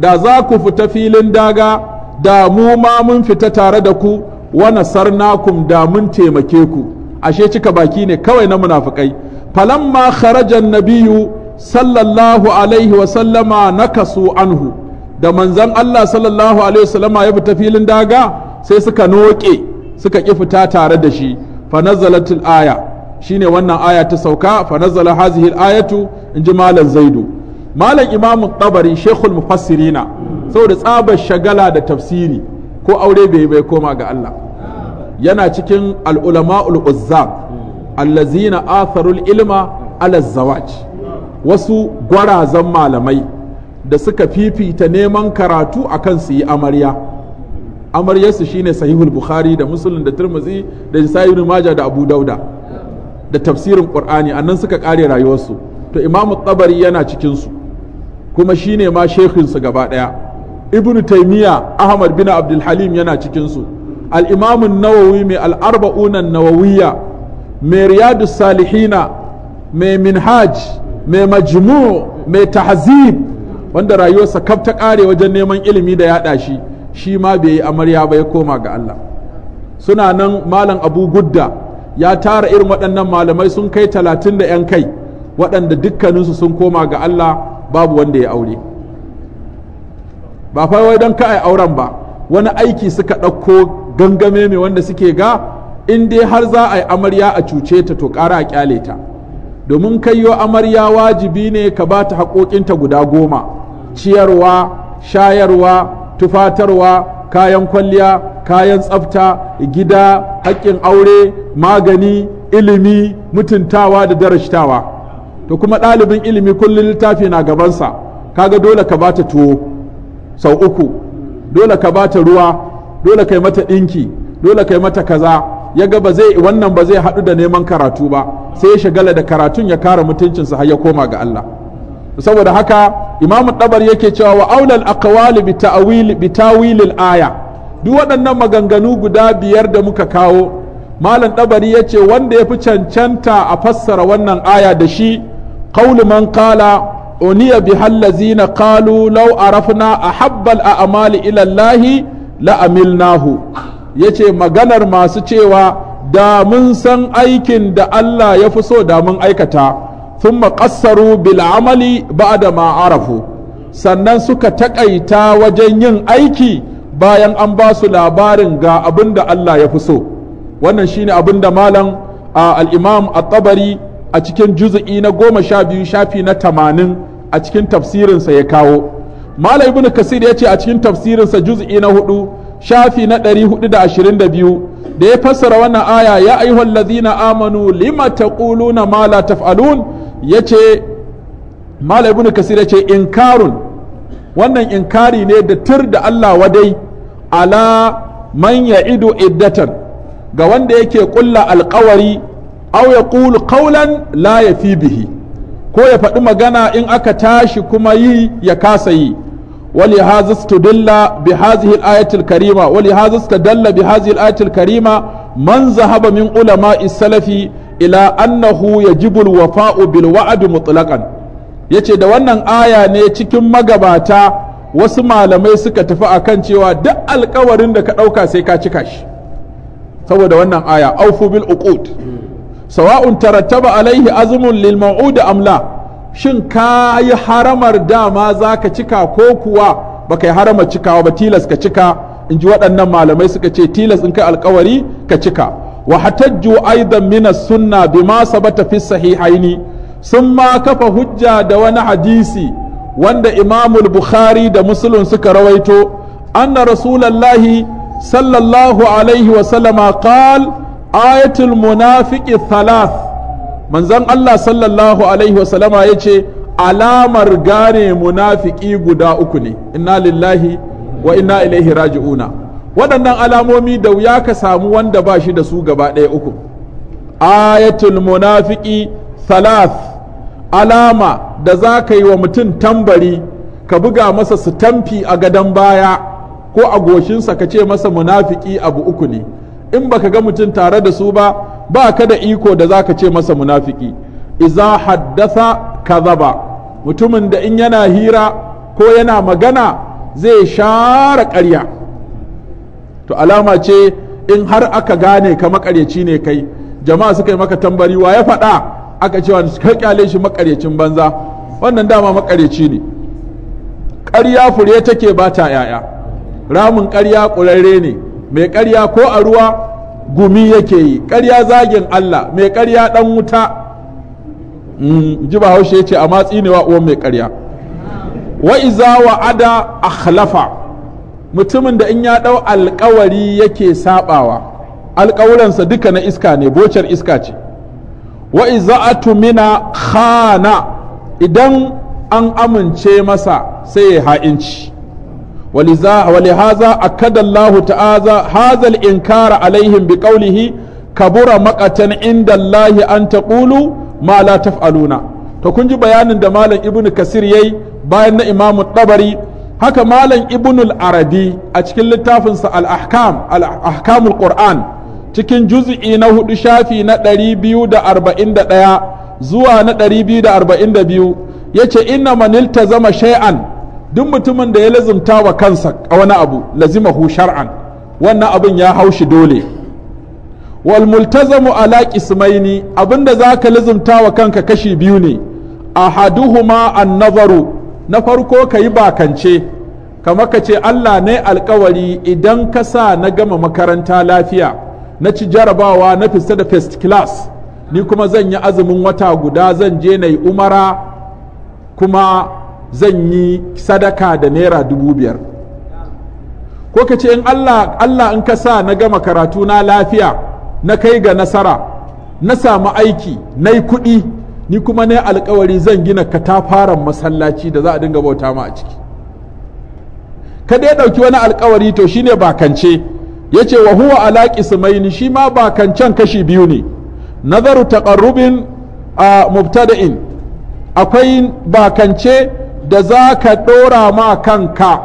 da za ku fita filin daga da mu ma mun fita tare da ku wa nasarnakum da mun taimake ku ashe cika baki ne kawai na munafikai falamma kharajan nabiyu sallallahu alaihi wa sallama nakasu anhu da manzon Allah sallallahu alaihi wasallama ya fita filin daga sai suka noke suka ƙi fita tare da shi fanazalatul aya shine wannan aya ta sauka fanazala nazala ayatu ayatu inji malam zaidu malam imam tabari shekul mufassirina saboda tsabar shagala da tafsiri ko aure bai bai koma ga Allah yana cikin al'ulama'ul uzzab allazina atharul ilma ala zawaj wasu gwarazan malamai da suka fifita neman karatu akan su yi amarya amaryarsu shine sahihul bukhari da musulun da turmuzi da jisayi maja da abu dauda da tafsirin qur'ani annan suka kare rayuwarsu to imamu tsabari yana cikinsu kuma shine ma shekinsu gaba daya ibnu taimiya ahmad bin abdul halim yana cikinsu al nawawi mai al-arba'unan nawawiya mai riyadu salihina mai minhaj mai majmu mai tahzib wanda rayuwarsa kaf ta kare wajen neman ilimi da yaɗa shi shi ma bai yi amarya ba ya koma ga Allah suna nan malam abu gudda ya tara irin waɗannan malamai sun kai talatin da 'yan kai waɗanda dukkaninsu sun koma ga Allah babu wanda ya aure ba fa wai don ka auren ba wani aiki suka ɗauko gangame mai wanda suke ga in dai har za a yi amarya a cuce ta to kara a kyale ta domin kaiyo amarya wajibi ne ka ba ta haƙoƙinta guda goma ciyarwa shayarwa tufatarwa kayan kwalliya kayan tsafta gida haƙƙin aure magani ilimi mutuntawa da darashtawa to kuma ɗalibin ilimi kullum littafi na gabansa kaga dole ka bata tuwo sau uku dole ka bata ruwa dole kai mata ɗinki dole kai mata kaza ya ga ba zai wannan ba zai haɗu da neman karatu ba sai ya shagala da karatun ya kara mutuncinsa har ya koma ga Allah saboda haka imamu ɗabar yake cewa wa aulal aqwali bi aya duk waɗannan maganganu guda biyar da muka kawo malam ɗabari yace, wanda ya fi cancanta a fassara wannan aya da shi qaulu man qala uniya bi hallazina qalu law arafna ahabbal a'mali ila Allah la amilnahu yace maganar masu cewa da mun san aikin da Allah ya fi so da mun aikata ثم قصروا بالعمل amali ما عرفوا sannan suka takaita wajen yin aiki bayan an ba su labarin ga abin da Allah ya fi so wannan shine abin da malam al-imam at-tabari a cikin juz'i na goma sha biyu shafi na tamanin a cikin tafsirinsa ya kawo malam ibn kasir ya ce a cikin tafsirinsa juz'i na hudu shafi na ɗari hudu da ashirin da biyu da ya fassara wannan aya ya ayyuhal ladina amanu lima taquluna ma la taf'alun yace malai ibn kasir ce inkarun wannan inkari ne da tur da Allah wadai ala man ido iddatan ga wanda yake kulla alkawari auya yaqulu qawlan la fi bihi ko ya faɗi magana in aka tashi kuma yi ya kasa yi ولهذا استدل بهذه الآية الكريمة ولهذا استدل بهذه الآية الكريمة من ذهب من ila annahu yajibu alwafa'u bil wa'd mutlaqan yace da wannan aya ne cikin magabata wasu malamai suka tafi a kan cewa duk alkawarin da ka ɗauka sai ka cika shi saboda wannan aya aufu bil uqud sawa'un tarattaba alaihi azmun lil maud am shin ka yi haramar dama ka cika ko kuwa baka yi haramar cikawa ba tilas ka cika in ji waɗannan malamai suka ce tilas in kai alkawari ka cika wa hatajju aidan min as-sunna bima sabata fi sahihaini sun ma kafa hujja da wani hadisi wanda imamul bukhari da muslim suka rawaito anna rasulallahi sallallahu alaihi wa sallama qal ayatul munafiqi thalath manzon Allah sallallahu alaihi wa sallama yace alamar gane munafiki guda uku ne inna lillahi wa inna ilaihi raji'una waɗannan alamomi da wuya ka samu wanda ba shi da su gaba ɗaya uku ayatul munafiki thalath alama da za ka yi wa mutum tambari ka buga masa su a gadon baya ko a goshinsa ka ce masa munafiki abu uku ne in ba ka ga mutum tare da su ba ba ka da iko da za ka ce masa munafiki iza haddasa ka zaba mutumin da in yana hira ko yana magana zai share ƙarya to alama ce in har aka gane ka makaryaci ne kai jama'a suka yi maka tambari wa ya faɗa aka cewa ka kyale shi makaryacin banza wannan dama makaryaci ne ƙarya fure take ba ta yaya ramin ƙarya ƙurarre ne mai ƙarya ko a ruwa gumi yake yi ƙarya zagin Allah mai ƙarya ɗan wuta mm, ji ba haushe ce a matsi ne wa uwan mai ƙarya wa iza wa ada akhlafa mutumin da in ya ɗau alkawari yake saɓawa alkawuransa duka na iska ne bocar iska ce wa iza'atu mina khana idan an amince masa sai ya ha'inci ولهذا أكد الله تعالى هذا الإنكار عليهم بقوله كبر مقتا an ta ƙulu? تقولوا ما لا تفعلون to kun ji bayanin da malam ibnu kasir yayi bayan na imamu tabari haka malam ibnul arabi a cikin littafinsa al-ahkam al-ahkamul qur'an cikin juz'i na hudu shafi na 241 zuwa na 242 yace inna man zama shay'an duk mutumin da ya lazimta wa kansa wani abu lazimahu shar'an wannan abin ya haushi dole wal multazamu ala qismaini abinda zaka lazimta wa kanka kashi biyu ne ahaduhuma an-nazaru na farko ka yi bakance kama ka ce Allah ne alkawari idan ka sa na gama makaranta lafiya na ci jarabawa na fista da first class ni kuma zan yi azumin wata guda zan je na yi umara kuma zan yi sadaka da naira dubu biyar ko ka ce in Allah Allah in ka sa na gama karatu na lafiya na kai ga nasara na samu aiki na yi kuɗi ni kuma ne alkawari zan gina katafaren masallaci da za a dinga bauta ma a ciki ka dai ɗauki wani alkawari to shine bakance ya ce wa huwa ala ni? shi ma bakancan kashi biyu ne nazaru taqarrubin a mubtada'in akwai bakance da za ka ɗora ma kanka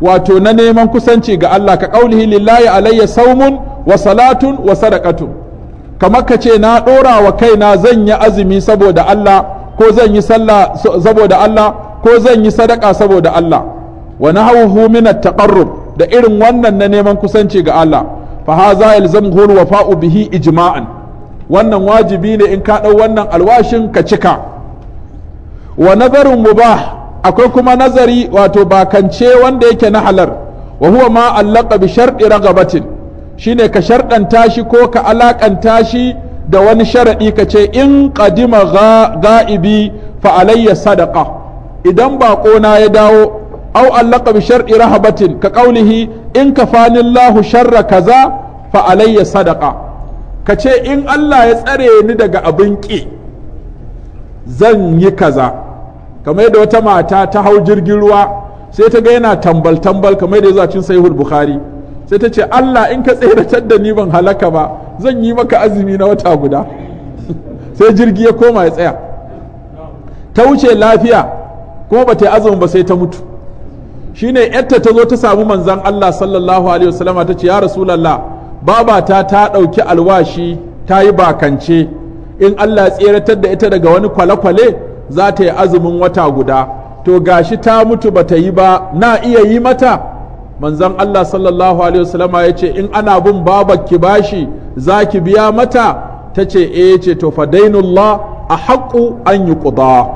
wato na neman kusanci ga Allah ka ƙaulihi lillahi alayya saumun wa salatun wa sadaqatun kamar ka ce na ɗora wa na zan yi azumi saboda Allah ko zan yi sallah saboda Allah ko zan yi sadaka saboda Allah wa nahawhu min taqarrub da irin wannan na neman kusanci ga Allah fa hadha yalzamuhu wa wafau bihi ijma'an wannan wajibi ne in ka ɗau wannan alwashin ka cika wa nazarin mubah akwai kuma nazari wato bakance wanda yake na halar wa huwa ma allaka bi sharɗi ragabatin shine ka sharɗanta shi ko ka alaƙanta shi da wani sharaɗi ka ce in ƙadima ga'ibi fa alayya sadaqa idan baƙo na ya dawo au allaka bi shar'i rahabatin ka qaulihi in lahu sharra kaza fa alayya sadaqa ka ce in Allah ya tsare ni daga abin ƙi zan yi kaza kamar yadda wata mata ta hau jirgin ruwa sai ta ga yana tambal tambal kamar yadda zuwa cin sahihul bukhari sai ta ce Allah in ka tseratar da ni ban halaka ba zan yi maka azumi na wata guda (laughs) sai jirgi ya koma ya tsaya ta wuce lafiya kuma ba ta azumi ba sai ta mutu shine yarta ta zo ta samu manzan Allah sallallahu alaihi wasallama ta ce ya rasulullah babata ta ɗauki alwashi ta yi bakance in Allah tseratar da ita daga wani kwale-kwale za ta yi azumin wata guda to gashi ta mutu ba ta yi ba na iya yi mata manzon Allah sallallahu alaihi wasallama ya ce in ana bin babar ki bashi za ki biya mata ta ce e eh, ce to fa dainullah a haƙu an yi ƙuda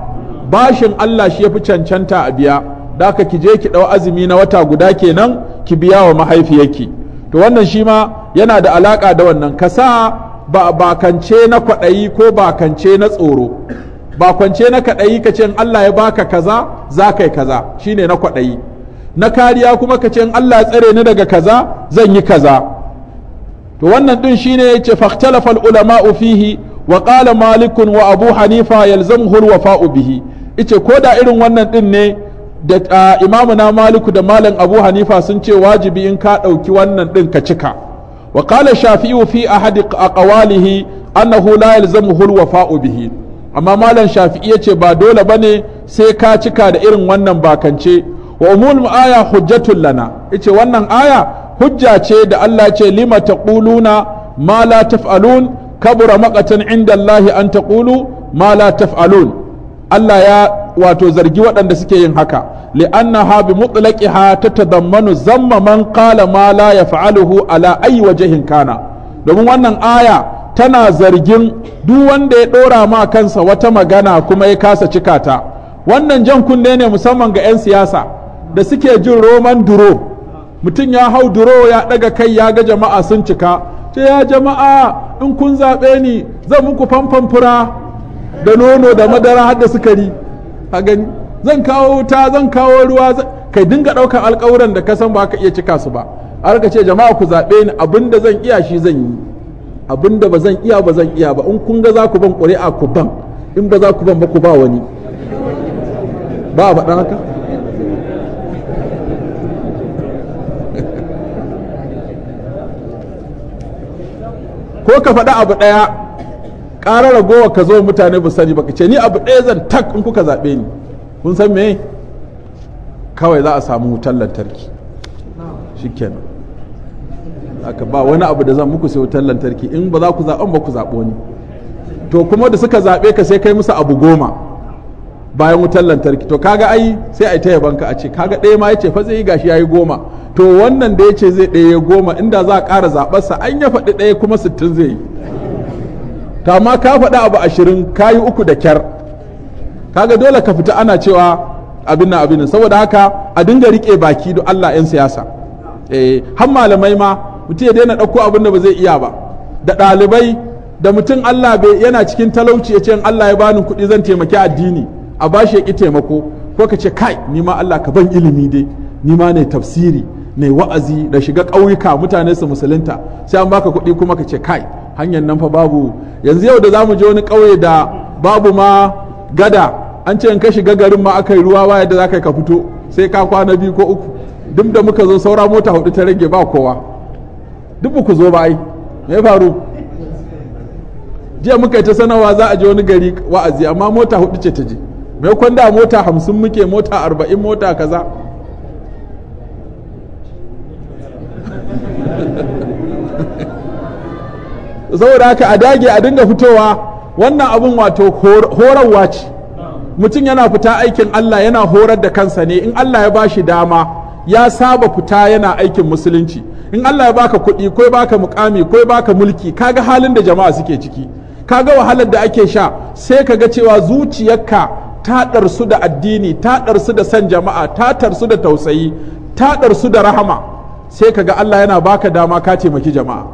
bashin Allah shi ya fi cancanta a biya da ka ki je ki ɗau azumi na wata guda kenan ki biya wa mahaifiyarki to wannan shi ma yana da alaƙa da wannan kasa sa ba bakance na kwaɗayi ko bakance na tsoro bakance na kaɗayi ka ce in Allah ya baka kaza za yi kaza shi ne na kwaɗayi na kariya kuma ka ce in Allah tsare ni daga kaza zan yi kaza to wannan din shine yace fahtalafa ulama fihi wa qala malik wa abu hanifa yalzamuhu alwafa'u bihi ice ko da irin wannan din ne da imamu na maliku da malam abu hanifa sun ce wajibi in ka ɗauki wannan din ka cika wa qala shafi'u fi ahad aqwalihi annahu la yalzamuhu alwafa'u bihi amma malam shafi'i yace ba dole bane sai ka cika da irin wannan bakance wa umul aya hujjatun lana ice wannan aya hujja ce da Allah ce lima taquluna ma la taf'alun kabura maqatan inda Allah an taqulu ma la taf'alun Allah ya wato zargi waɗanda suke yin haka ha bi mutlaqiha tatadammanu zamma man qala ma la yaf'aluhu ala ayi wajhin kana domin wannan aya tana zargin duk wanda ya ɗora ma kansa wata magana kuma ya kasa cika ta wannan jan kunne ne musamman ga 'yan siyasa da suke jin roman duro mutum ya hau duro ya ɗaga kai ya ga jama'a sun cika ce ya jama'a in kun zaɓe ni zan muku famfan fura da nono da madara har da sukari a gani zan kawo wuta zan kawo ruwa kai dinga ɗaukar alƙawuran da ka san ba ka iya cika su ba a rika ce jama'a ku zaɓe ni abin da zan iya shi zan yi abin da ba zan iya ba zan iya ba in kun ga za ku ban ƙuri'a ku ban in ba za ku ban ba ku ba wani ba a faɗa haka ko ka faɗi abu ɗaya ƙara ragowa ka zo mutane ba sani ba ka ce ni abu ɗaya zan tak in kuka zaɓe ni kun san me kawai za a samu wutar lantarki kenan aka ba wani abu da zan muku sai wutar lantarki in ba za ku zaɓen ba ku zaɓo ni to kuma da suka zaɓe ka sai kai musu abu goma bayan wutar lantarki to kaga ai sai a ta yabanka a ce kaga ɗaya ma yace fa zai yi gashi yayi goma to wannan da yace zai ɗaya goma inda za a ƙara zaɓarsa an ya faɗi ɗaya kuma sittin zai yi to amma ka faɗi abu ashirin kayi uku da kyar kaga dole ka fita ana cewa abin na abin saboda haka a dinga riƙe baki don Allah 'yan siyasa eh har malamai ma mutum ya daina ɗauko abin da ba zai iya ba da ɗalibai da mutum Allah bai yana cikin talauci ya ce Allah ya bani kuɗi zan taimaki addini a bashi ya ƙi taimako ko ka ce kai ni ma Allah ka ban ilimi dai ni ma ne tafsiri ne wa'azi da shiga ƙauyuka mutane su musulunta sai an baka kuɗi kuma ka ce kai hanyar nan fa babu yanzu yau da za mu je wani ƙauye da babu ma gada an ce in ka shiga garin ma aka yi ruwa ba yadda za ka ka fito sai ka kwana biyu ko uku duk da muka zo saura mota hudu ta rage ba kowa duk ku zo ba ai me faru jiya muka yi ta sanarwa za a je wani gari wa'azi amma mota hudu ce ta je mai kwanda mota hamsin muke mota arba'in mota kaza saboda haka a dage a dinga fitowa wannan abin wato horarwa ce mutum yana fita aikin Allah yana horar da kansa ne in Allah ya bashi dama ya saba fita yana aikin musulunci in Allah ya baka kuɗi ko baka mukami ko baka mulki kaga halin da jama'a suke ciki kaga wahalar da ake sha sai kaga cewa zuciyarka taɗar su da addini taɗar su da san jama'a tatar su da tausayi taɗar su da rahama sai ka ga Allah yana baka dama ka taimaki jama'a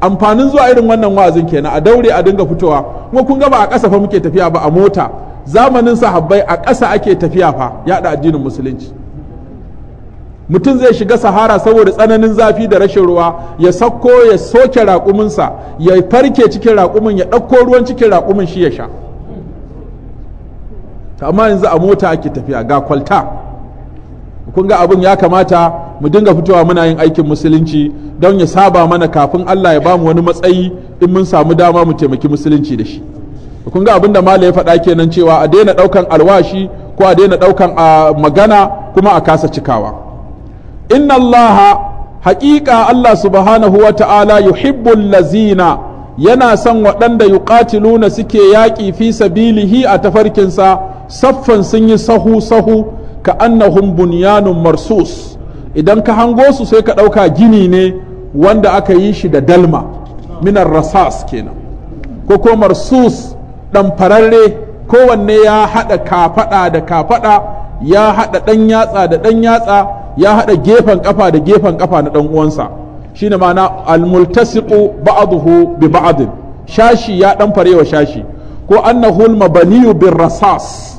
amfanin zuwa irin wannan wa'azin kenan a daure a dinga fitowa kuma kun ga ba a ƙasa fa muke tafiya ba a mota zamanin sahabbai a ƙasa ake tafiya fa yaɗa addinin musulunci mutum zai shiga sahara saboda tsananin zafi da rashin ruwa ya sakko ya soke raƙuminsa ya farke cikin raƙumin ya ɗauko ruwan cikin raƙumin shi ya sha amma yanzu a mota ake tafiya ga kwalta kun ga abin ya kamata mu dinga fitowa muna yin aikin musulunci don ya saba mana kafin Allah ya bamu wani matsayi in mun samu dama mu taimaki musulunci da shi kun ga abin da mala ya faɗa kenan cewa a daina ɗaukan alwashi ko a daina ɗaukan magana kuma a kasa cikawa inna allaha haƙiƙa allah subhanahu wa ta'ala yuhibbul lazina yana son waɗanda yuqatiluna suke yaƙi fi sabilihi a tafarkinsa saffan sun yi sahu sahu ka annahun bunyanun marsus idan ka hango su sai ka ɗauka gini ne wanda aka yi shi da dalma minar rasas kenan ko ko marsus ɗan fararre kowanne ya haɗa kafaɗa da kafaɗa ya haɗa ɗan yatsa da ɗan yatsa ya haɗa gefen ƙafa da gefen ƙafa na ɗan uwansa shine mana almultasiku ba'aduhu bi ba'adin shashi ya ɗan farewa shashi ko annahul mabaniyu bin rasas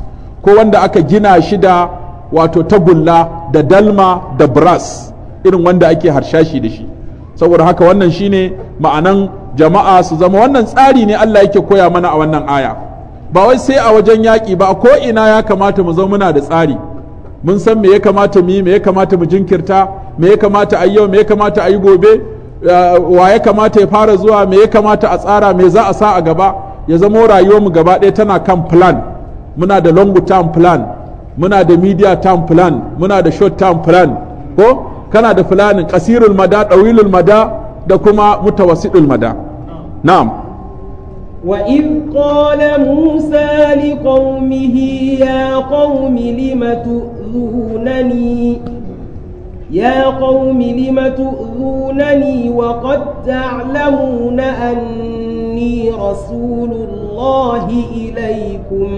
ko wanda aka gina shi da wato tagulla da dalma da brass irin wanda ake harshashi da shi saboda haka wannan shine ma'anan jama'a su zama wannan tsari ne Allah yake koya mana a wannan aya ba wai sai a wajen yaƙi ba ko ina ya kamata mu zama muna da tsari mun san me ya kamata mu yi me ya kamata mu jinkirta me ya kamata a me ya kamata a gobe uh, wa ya kamata ya fara zuwa me ya kamata a tsara me za a sa a gaba ya zama rayuwar mu gaba ɗaya tana kan plan muna da long term plan muna da media term plan muna da short term plan ko kana da fulanin kasirul mada dawilul mada da kuma mutawassidul mada na'am وإذ قال موسى لقومه يا قوم لم تؤذونني يا قوم لم تؤذونني وقد تعلمون أني رسول الله إليكم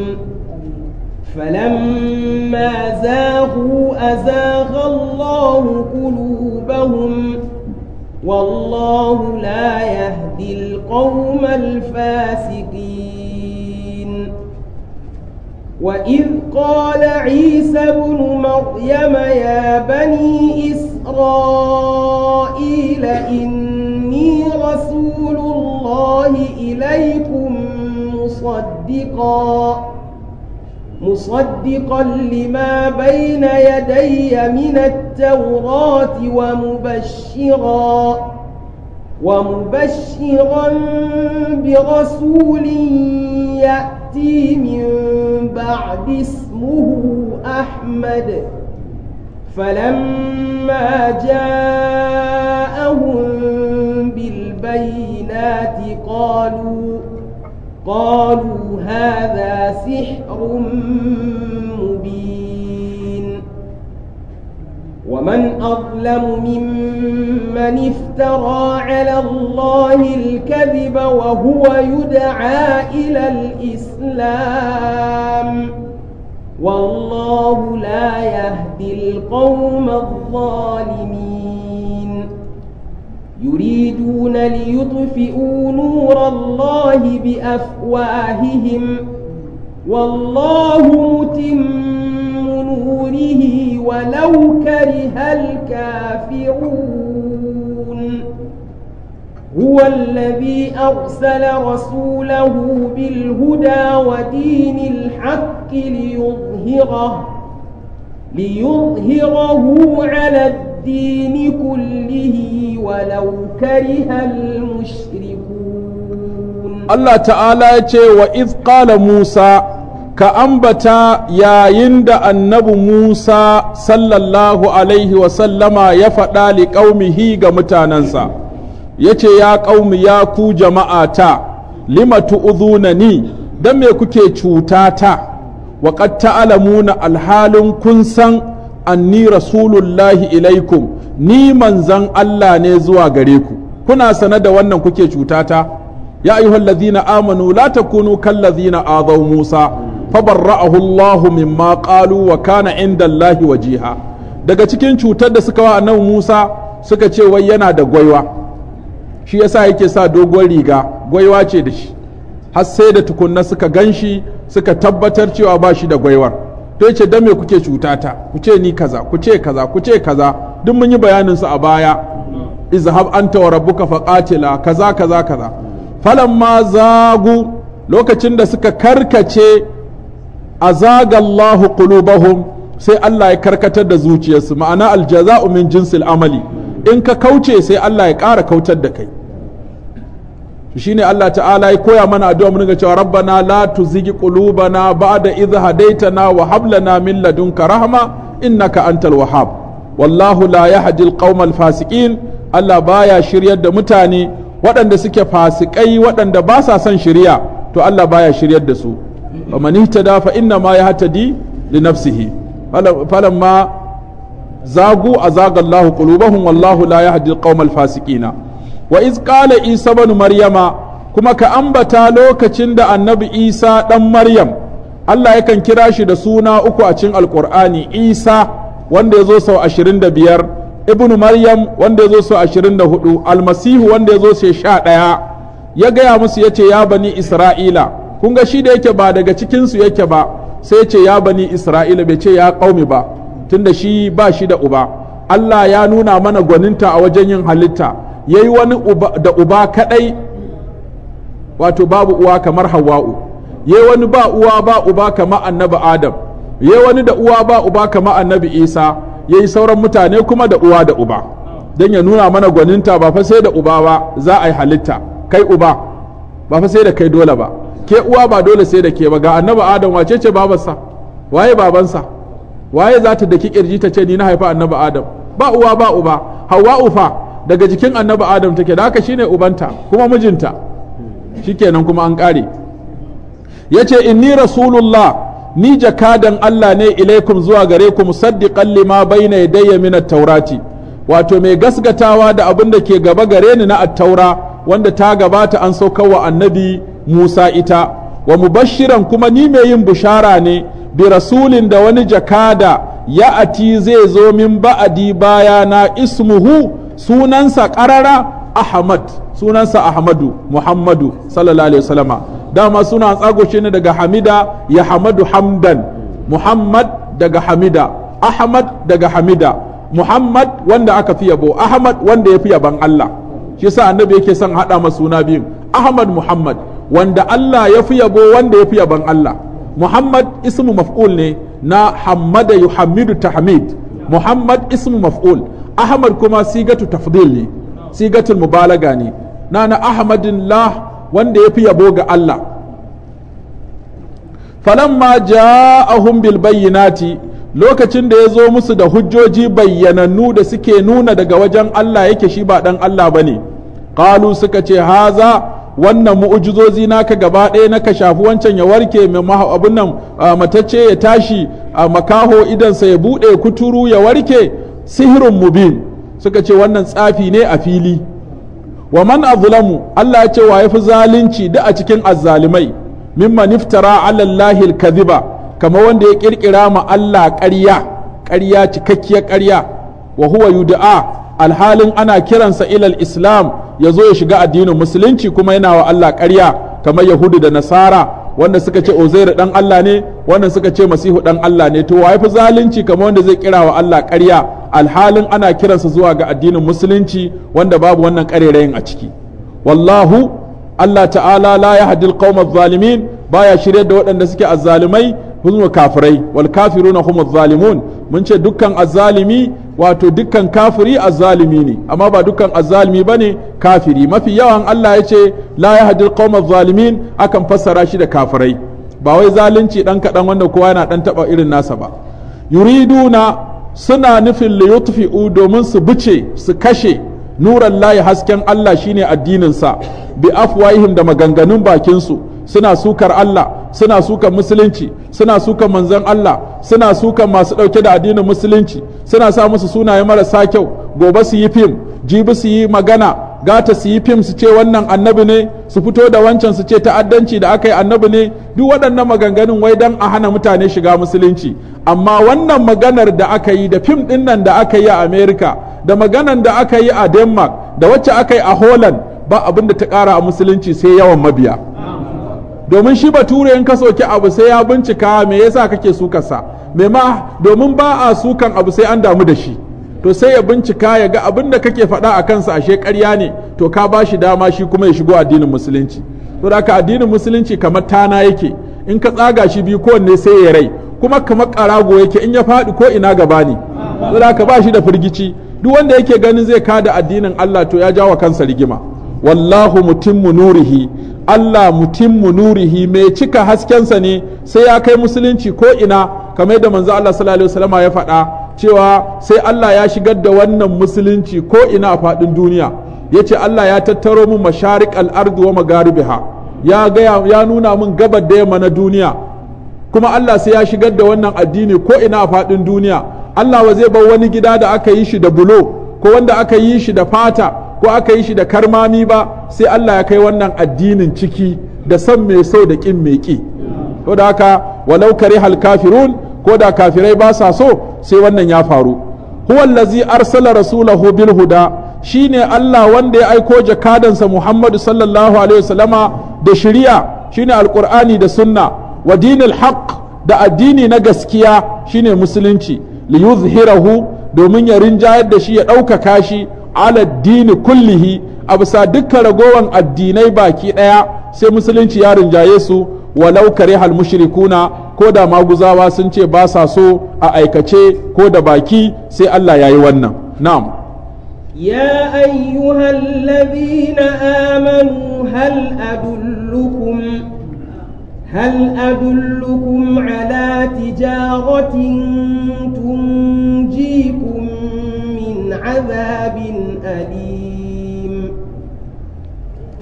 فلما زاغوا أزاغ الله قلوبهم والله لا يهدي القوم الفاسقين وإذ قال عيسى بن مريم يا بني إسرائيل إني رسول الله إليكم مصدقاً مصدقا لما بين يدي من التوراة ومبشرا ومبشرا برسول يأتي من بعد اسمه أحمد فلما جاءهم بالبينات قالوا قالوا هذا سحر مبين ومن أظلم ممن افترى على الله الكذب وهو يدعى إلى الإسلام والله لا يهدي القوم الظالمين يريدون ليطفئوا نور الله بأفواههم والله متم نوره ولو كره الكافرون هو الذي أرسل رسوله بالهدى ودين الحق ليظهره ليظهره على الدين الدين كله ولو كره المشركون الله تعالى وإذ قال موسى كأنبتا يا يند النبي موسى صلى الله عليه وسلم يفدا لقومه غمتاننسا yace ya ƙaumi ya ku jama'ata lima tu'udhunani dan me kuke cutata wa qad ta'lamuna alhalun kun san anni rasulullahi ilaikum ni manzan Allah ne zuwa gare ku kuna sane da wannan kuke cutata ya ayyuhal ladhina amanu la takunu kal azaw Musa fabarra'ahu Allah mimma qalu wa kana inda Allah wajiha daga cikin cutar da suka wa annabi Musa suka ce wai yana da gwaiwa shi yasa yake sa dogon riga gwaiwa ce da shi har sai da tukunna suka ganshi suka tabbatar cewa ba shi da gwaiwar to yace dan me kuke cutata ta ku ce ni kaza ku ce kaza ku ce kaza duk mun yi bayanin su a baya izhab anta wa rabbuka faqatila kaza kaza kaza falamma zagu lokacin da suka karkace azagallahu qulubahum sai Allah ya karkatar da zuciyarsu ma'ana aljaza'u min jinsil amali in ka kauce sai Allah ya ƙara kautar da kai to shine Allah ta'ala ya koya mana addu'a mun ga cewa rabbana la ba qulubana ba'da idh hadaytana wa hab lana min ladunka rahma innaka antal wahhab wallahu la yahdi al fasiqin Allah baya shiryar da mutane waɗanda suke fasikai waɗanda ba sa son shirya to Allah baya shiryar da su li اهتدى فإنما ma zagu فلما زاغوا أزاغ الله قلوبهم والله لا يهدي القوم الفاسقين wa iz isa ibn maryama kuma ka ambata lokacin da annabi isa dan maryam Allah yakan kira shi da suna uku a cikin alqur'ani isa wanda ya zo sau biyar. ibnu maryam wanda ya zo sau 24 almasihu wanda ya zo sau 11 ya gaya musu ce ya bani isra'ila kun ga shi da yake ba daga cikin su yake ba sai ce ya bani isra'ila bai ce ya qaumi ba tunda shi ba shi da uba Allah ya nuna mana gwaninta a wajen yin halitta ya yi wani da uba kadai wato babu uwa kamar hawa'u ya yi wani ba uwa ba uba kamar annabi adam ya yi wani da uwa ba uba kamar annabi isa ya yi sauran mutane kuma da uwa da uba don ya nuna mana gwaninta ba fa sai da uba ba za a yi halitta kai uba ba fa sai da kai dole ba ke uwa ba dole sai da ke ba ga annabi adam wace ce babarsa waye babansa waye za ta daki kirji ta ce ni na haifa annabi adam ba uwa ba uba hawa'u fa daga jikin annabi adam take da haka shine ubanta kuma mijinta shikenan kuma an kare yace inni rasulullah ni jakadan Allah ne ilaikum zuwa gare ku musaddiqan lima bayna yadayya min at-taurati wato mai gasgatawa da abin da ke gaba gare ni na at-taura wanda ta gabata an wa annabi Musa ita wa mubashiran kuma ni mai yin bushara ne bi rasulin da wani jakada ya ati zai zo min ba'adi baya na ismuhu sunansa karara ahmad sunansa ahmadu muhammadu sallallahu alaihi wasallama dama suna tsago shi ne daga hamida ya hamadu hamdan muhammad daga hamida ahmad daga hamida muhammad wanda aka fi yabo ahmad wanda ya fi yaban allah shi sa annabi yake son haɗa ma suna biyun ahmad muhammad wanda allah ya fi yabo wanda ya fi yaban allah muhammad ismu maf'ul ne na hamada yuhammidu tahmid muhammad ismu maf'ul ahmad kuma sigatu tafdil ne sigatul mubalaga ne na na ahmadin la wanda ya fi yabo ga Allah falamma ja'ahum bil bayyinati lokacin da ya zo musu da hujjoji bayyanannu da suke nuna daga wajen Allah yake shi ba dan Allah bane qalu suka ce haza wannan mu'ujizozi naka gaba ɗaya naka shafi wancan ya warke mai abun nan ah, matacce ya tashi ah, makaho idansa ya buɗe kuturu ya warke sihirun mubin suka ce wannan tsafi ne a fili wa man azlamu Allah ya ce wa yafi zalunci duk a cikin azzalimai mimma niftara ala Allah al-kadhiba kamar wanda ya kirkira ma Allah ƙarya ƙarya cikakkiyar ƙarya wa huwa yud'a alhalin ana kiransa ilal islam ya zo ya shiga addinin musulunci kuma yana wa Allah ƙarya kamar yahudu da nasara wanda suka ce Uzairu dan Allah ne wanda suka ce Masihu dan Allah ne to waye fi zalunci kamar wanda zai kira wa Allah ƙarya alhalin ana kiransa zuwa ga addinin musulunci wanda babu wannan ƙarerayin a ciki wallahu Allah ta'ala la yahdi alqawma adh baya shirye da waɗanda suke azzalumai hum kafirai wal kafiruna hum zalimun mun ce dukkan azzalimi wato dukkan kafiri azzalimi ne amma ba dukkan ba ne kafiri mafi yawan Allah ya ce la yahdil qawmaz zalimin akan fassara shi da kafirai ba wai zalunci dan kaɗan wanda kowa yana dan taɓa irin nasa ba yuriduna suna nufin li yutfi'u domin su bice su kashe nuran layi hasken Allah shine addinin sa bi afwahihim da maganganun bakinsu suna sukar Allah suna sukar musulunci suna sukar manzon Allah suna sukan masu ɗauke da addinin musulunci suna sa musu sunaye marasa kyau gobe su yi fim jibi su yi magana gata su yi fim su ce wannan annabi ne su fito da wancan su ce ta'addanci da aka yi annabi ne duk waɗannan maganganun wai don a hana mutane shiga musulunci amma wannan maganar da aka yi da fim ɗin nan da aka yi a america da maganar da aka yi a denmark da wacce aka yi a holland ba abin da ta ƙara a musulunci sai yawan mabiya domin shi bature in ka soki abu sai ya bincika me yasa kake sa me ma domin ba a sukan abu sai an damu da shi to sai ya bincika ya ga abin da kake faɗa a kansa ashe ƙarya ne to ka ba shi dama shi kuma ya shigo addinin musulunci to da addinin musulunci kamar tana yake in ka tsaga shi biyu kowanne sai ya rai kuma kamar ƙarago yake in ya faɗi ko ina gaba ne to da ba shi da firgici duk wanda yake ganin zai kada addinin Allah to ya jawa kansa rigima wallahu mutimmu nurihi Allah mutimmu nurihi mai cika haskensa ne sai ya kai musulunci ko ina kamar yadda manzo Allah sallallahu alaihi ya faɗa cewa sai Allah ya shigar da wannan musulunci ko ina a faɗin duniya Ya ce Allah ya tattaro mu masharik al-ardi wa magaribiha ya gaya ya nuna mun gabar da yamma na duniya kuma Allah sai ya shigar da wannan addini ko ina a faɗin duniya Allah wa zai bar wani gida da aka yi shi da bulo ko wanda aka yi shi da fata ko aka yi shi da karmami ba sai Allah ya kai wannan addinin ciki da san mai so da kin mai ki ko da haka walau karihal kafirun ko da kafirai ba sa so sai wannan ya faru huwallazi arsala rasulahu bil huda shine Allah wanda ya aiko jakadansa Muhammadu sallallahu alaihi wasallama da shari'a shine alqur'ani da sunna wa dinil haqq da addini na gaskiya shine musulunci liyuzhirahu domin ya rinjayar da shi ya ɗaukaka shi aladdini kullihi a bisa dukkan ragowan addinai baki ɗaya sai musulunci ya rinjaye su walau kare mushrikuna ko da maguzawa sun ce ba sa so a aikace ko da baki sai Allah ya yi wannan na'am ya amanu hal آمنوا هل أدلكم هل أدلكم على تجارة تنجيكم عذاب أليم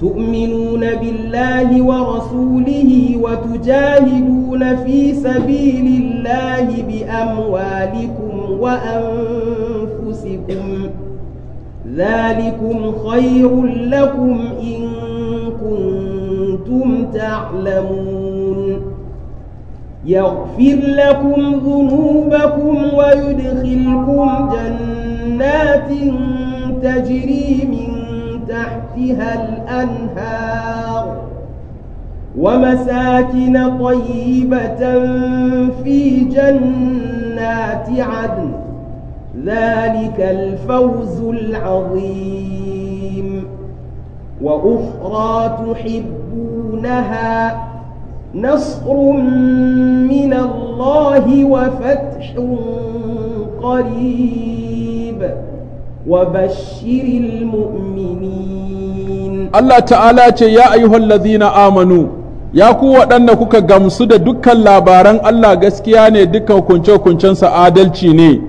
تؤمنون بالله ورسوله وتجاهدون في سبيل الله بأموالكم وأنفسكم ذلكم خير لكم إن كنتم تعلمون يغفر لكم ذنوبكم ويدخلكم جنات تجري من تحتها الأنهار ومساكن طيبة في جنات عدن ذلك الفوز العظيم وأخرى تحبونها نصر من الله وفتح قريب وبشر المؤمنين الله تعالى يا أيها الذين آمنوا ya ku waɗanda kuka gamsu da dukkan labaran Allah gaskiya ne dukkan hukunce-hukunce kuncensa adalci ne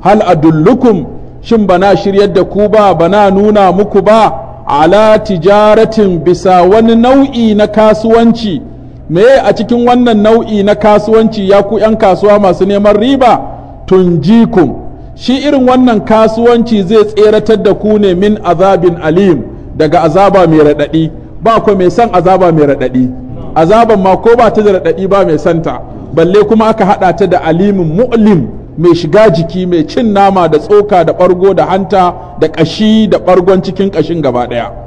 hal adullukum shin bana shiryar da ku ba bana nuna muku ba ala tijaratin bisa wani nau'i na kasuwanci Me a cikin wannan nau'i na kasuwanci ya ku 'yan kasuwa masu neman riba tunjikum shi irin wannan kasuwanci zai tseratar da ku ne min azabin alim daga azaba mai raɗaɗi ba ku mai son azaba mai raɗaɗi azaban ma ko ba ta da raɗaɗi ba mai santa balle kuma aka haɗa ta da alimin mu'lim mai shiga jiki mai cin nama da tsoka da ɓargo da hanta da ƙashi da ɓargon cikin ƙashin gaba ɗaya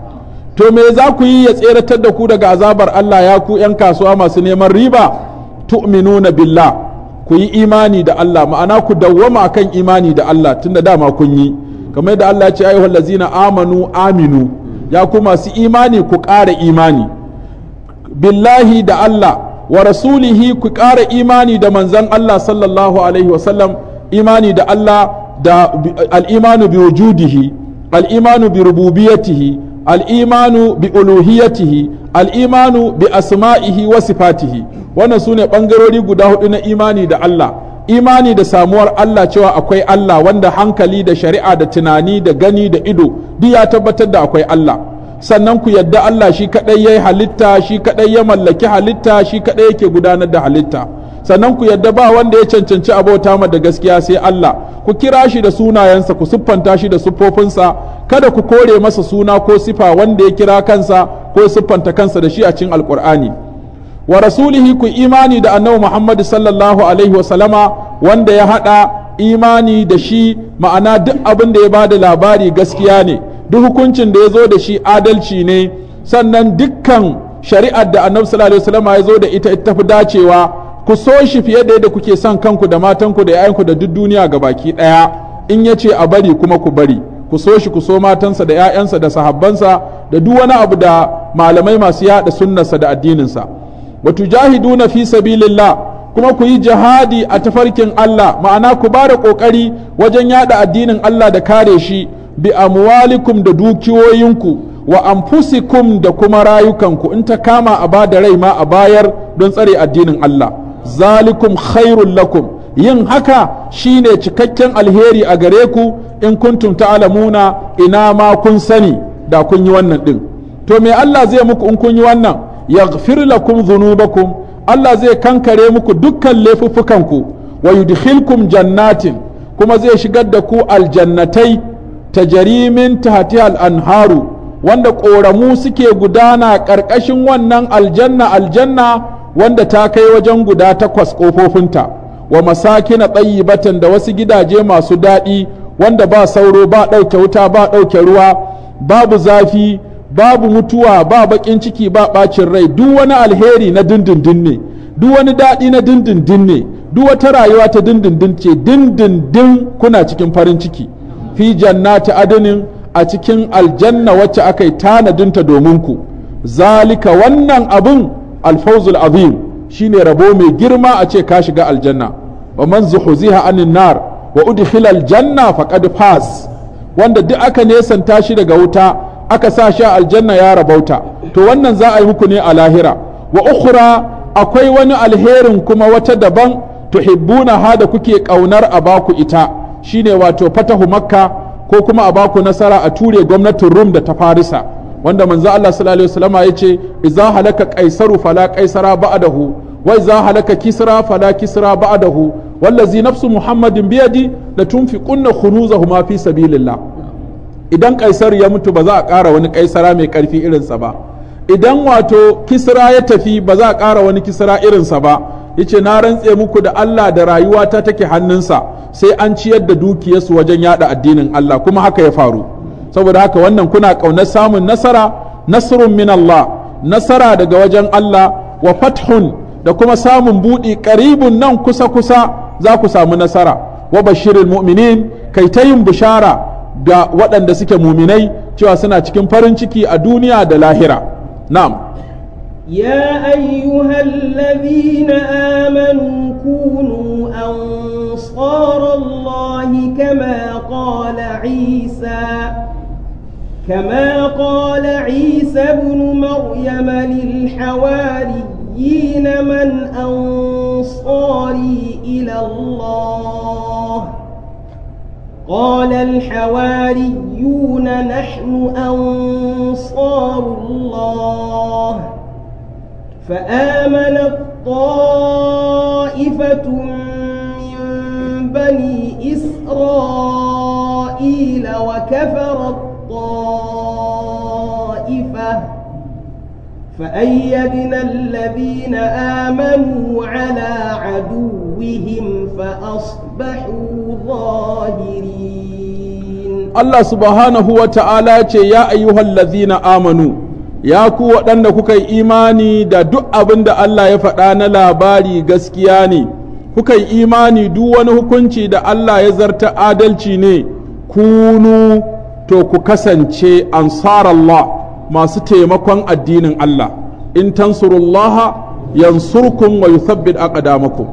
to me za ku yi ya tseratar da ku daga azabar Allah ya ku 'yan kasuwa masu neman riba tu'minuna billah ku yi imani da Allah ma'ana ku dawwama akan imani da Allah tunda dama kun yi kamar da Allah ya ce ayyuhal lazina amanu aminu ya ku masu imani ku ƙara imani billahi da Allah wa rasulihi ku ƙara imani da manzon Allah sallallahu alaihi wasallam imani da Allah da al'imanu bi wujudihi al'imanu bi rububiyatihi al'imanu bi uluhiyatihi al'imanu bi asma'ihi wa wannan su ne ɓangarori guda huɗu na imani da Allah imani da samuwar Allah cewa akwai Allah wanda hankali da shari'a da tunani da gani da ido duk ya tabbatar da akwai Allah sannan ku yadda Allah shi kaɗai ya yi halitta shi kaɗai ya mallaki halitta shi kaɗai yake gudanar da halitta sannan ku yadda ba wanda ya cancanci abota da gaskiya sai Allah ku kira shi da sunayensa ku siffanta shi da siffofinsa kada ku kore masa suna ko sifa wanda ya kira kansa ko siffanta kansa da shi a cikin alkur'ani wa rasulihi ku imani da annabi muhammad sallallahu alaihi wa sallama wanda ya hada imani da shi ma'ana duk abin da ya bada labari gaskiya ne duk hukuncin da ya zo da shi adalci ne sannan dukkan shari'ar da annabi sallallahu alaihi wa ya zo da ita ita fi dacewa ku so shi fiye da yadda kuke son kanku da matanku da 'ya'yanku da duk duniya ga baki daya in ya ce a bari kuma ku bari ku so shi ku so matansa da 'ya'yansa da sahabbansa da duk wani abu da malamai masu yaɗa sunnarsa da addininsa wa na fi sabilillah kuma ku yi jihadi a tafarkin Allah ma'ana ku ba da kokari wajen yaɗa addinin Allah da kare shi bi amwalikum da dukiyoyinku wa anfusikum da kuma rayukanku in ta kama a ba da rai ma a bayar don tsare addinin Allah zalikum khairul lakum yin haka shine cikakken alheri a gare ku in kuntum ta'lamuna ina ma kun sani da kun yi wannan din to me Allah zai muku in kun yi wannan yaghfir lakum dhunubakum Allah zai kankare muku dukkan laifuffukanku wa yudkhilkum jannatin kuma zai shigar da ku aljannatai ta jarimin tajarimin tahtihal anharu wanda ƙoramu suke gudana ƙarƙashin wannan aljanna aljanna wanda ta kai wajen guda takwas ƙofofinta wa masakina batan da wasu gidaje masu daɗi wanda ba sauro ba ɗauke wuta ba ɗauke ruwa babu zafi babu mutuwa ba baƙin ciki ba ɓacin rai duk wani alheri na dindindin ne duk wani daɗi na dindindin ne duk wata rayuwa ta dindindin ce dindindin kuna cikin farin ciki fi jannati adinin a cikin aljanna wacce aka yi tanadinta domin ku zalika wannan abin alfauzul azim shine rabo mai girma a ce ka shiga aljanna wa man zuhziha anin nar wa udkhila aljanna wanda duk aka nesanta shi daga wuta aka sa shi a aljanna ya rabauta to wannan za a yi muku ne a lahira wa ukhra akwai wani alherin kuma wata daban tuhibbuna ha da kuke kaunar a baku ita shine wato fatahu makka ko kuma a baku nasara a ture gwamnatin rum da ta farisa wanda manzo Allah sallallahu alaihi wasallam ya ce idza halaka qaisaru fala qaisara ba'dahu wa iza halaka kisra fala kisra ba'dahu wallazi nafsu muhammadin biyadi la da khuruzahuma fi idan kaisar ya mutu ba za a ƙara wani kaisara mai karfi irinsa ba idan wato kisra ya tafi ba za a ƙara wani kisra irinsa ba yace na rantse muku da Allah da rayuwa ta take hannunsa sai an ciyar da dukiyarsu wajen yada addinin Allah kuma haka ya faru saboda haka wannan kuna ƙaunar samun nasara nasrun min Allah nasara daga wajen Allah wa fathun da kuma samun buɗi ƙaribin nan kusa-kusa za ku samu nasara wa bashirin mu'minin kai ta yin bishara da waɗanda suke muminai cewa suna cikin farin ciki a duniya da lahira na'am ya أيها الذين آمنوا kunu أنصار الله كما كما قال عيسى ابن مريم للحواريين المشركين من أنصاري إلى الله قال الحواريون نحن أنصار الله فآمنت طائفة من بني إسرائيل وكفرت فأيدنا الذين آمنوا على عدوهم فأصبحوا ظاهرين الله سبحانه وتعالى يا أيها الذين آمنوا ya ku waɗanda kuka yi imani da duk abin da Allah ya faɗa na labari gaskiya ne kuka yi imani duk wani hukunci da Allah ya zarta adalci ne kunu to ku kasance ansarallah masu taimakon addinin Allah in tansurullaha yansurkum wa yuthabbit aqdamakum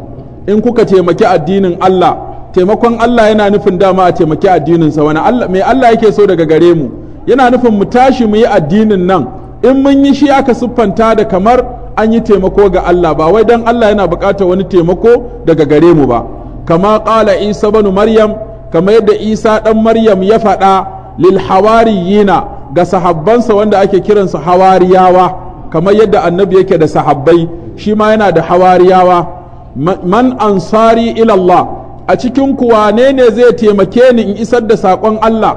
in kuka taimaki addinin Allah taimakon Allah yana nufin dama a taimaki addinin sa wani Allah mai Allah yake so daga gare mu yana nufin mu tashi mu yi addinin nan in mun yi shi aka siffanta da kamar an yi taimako ga Allah ba wai dan Allah yana buƙatar wani taimako daga gare mu ba kama qala Isa banu Maryam kama yadda Isa dan Maryam ya faɗa lil hawariyina ga sahabbansa wanda ake kiransa hawariyawa kamar yadda annabi yake da sahabbai shi ma yana da hawariyawa man ansari ilallah a cikin wanene ne zai taimake ni in isar da sakon Allah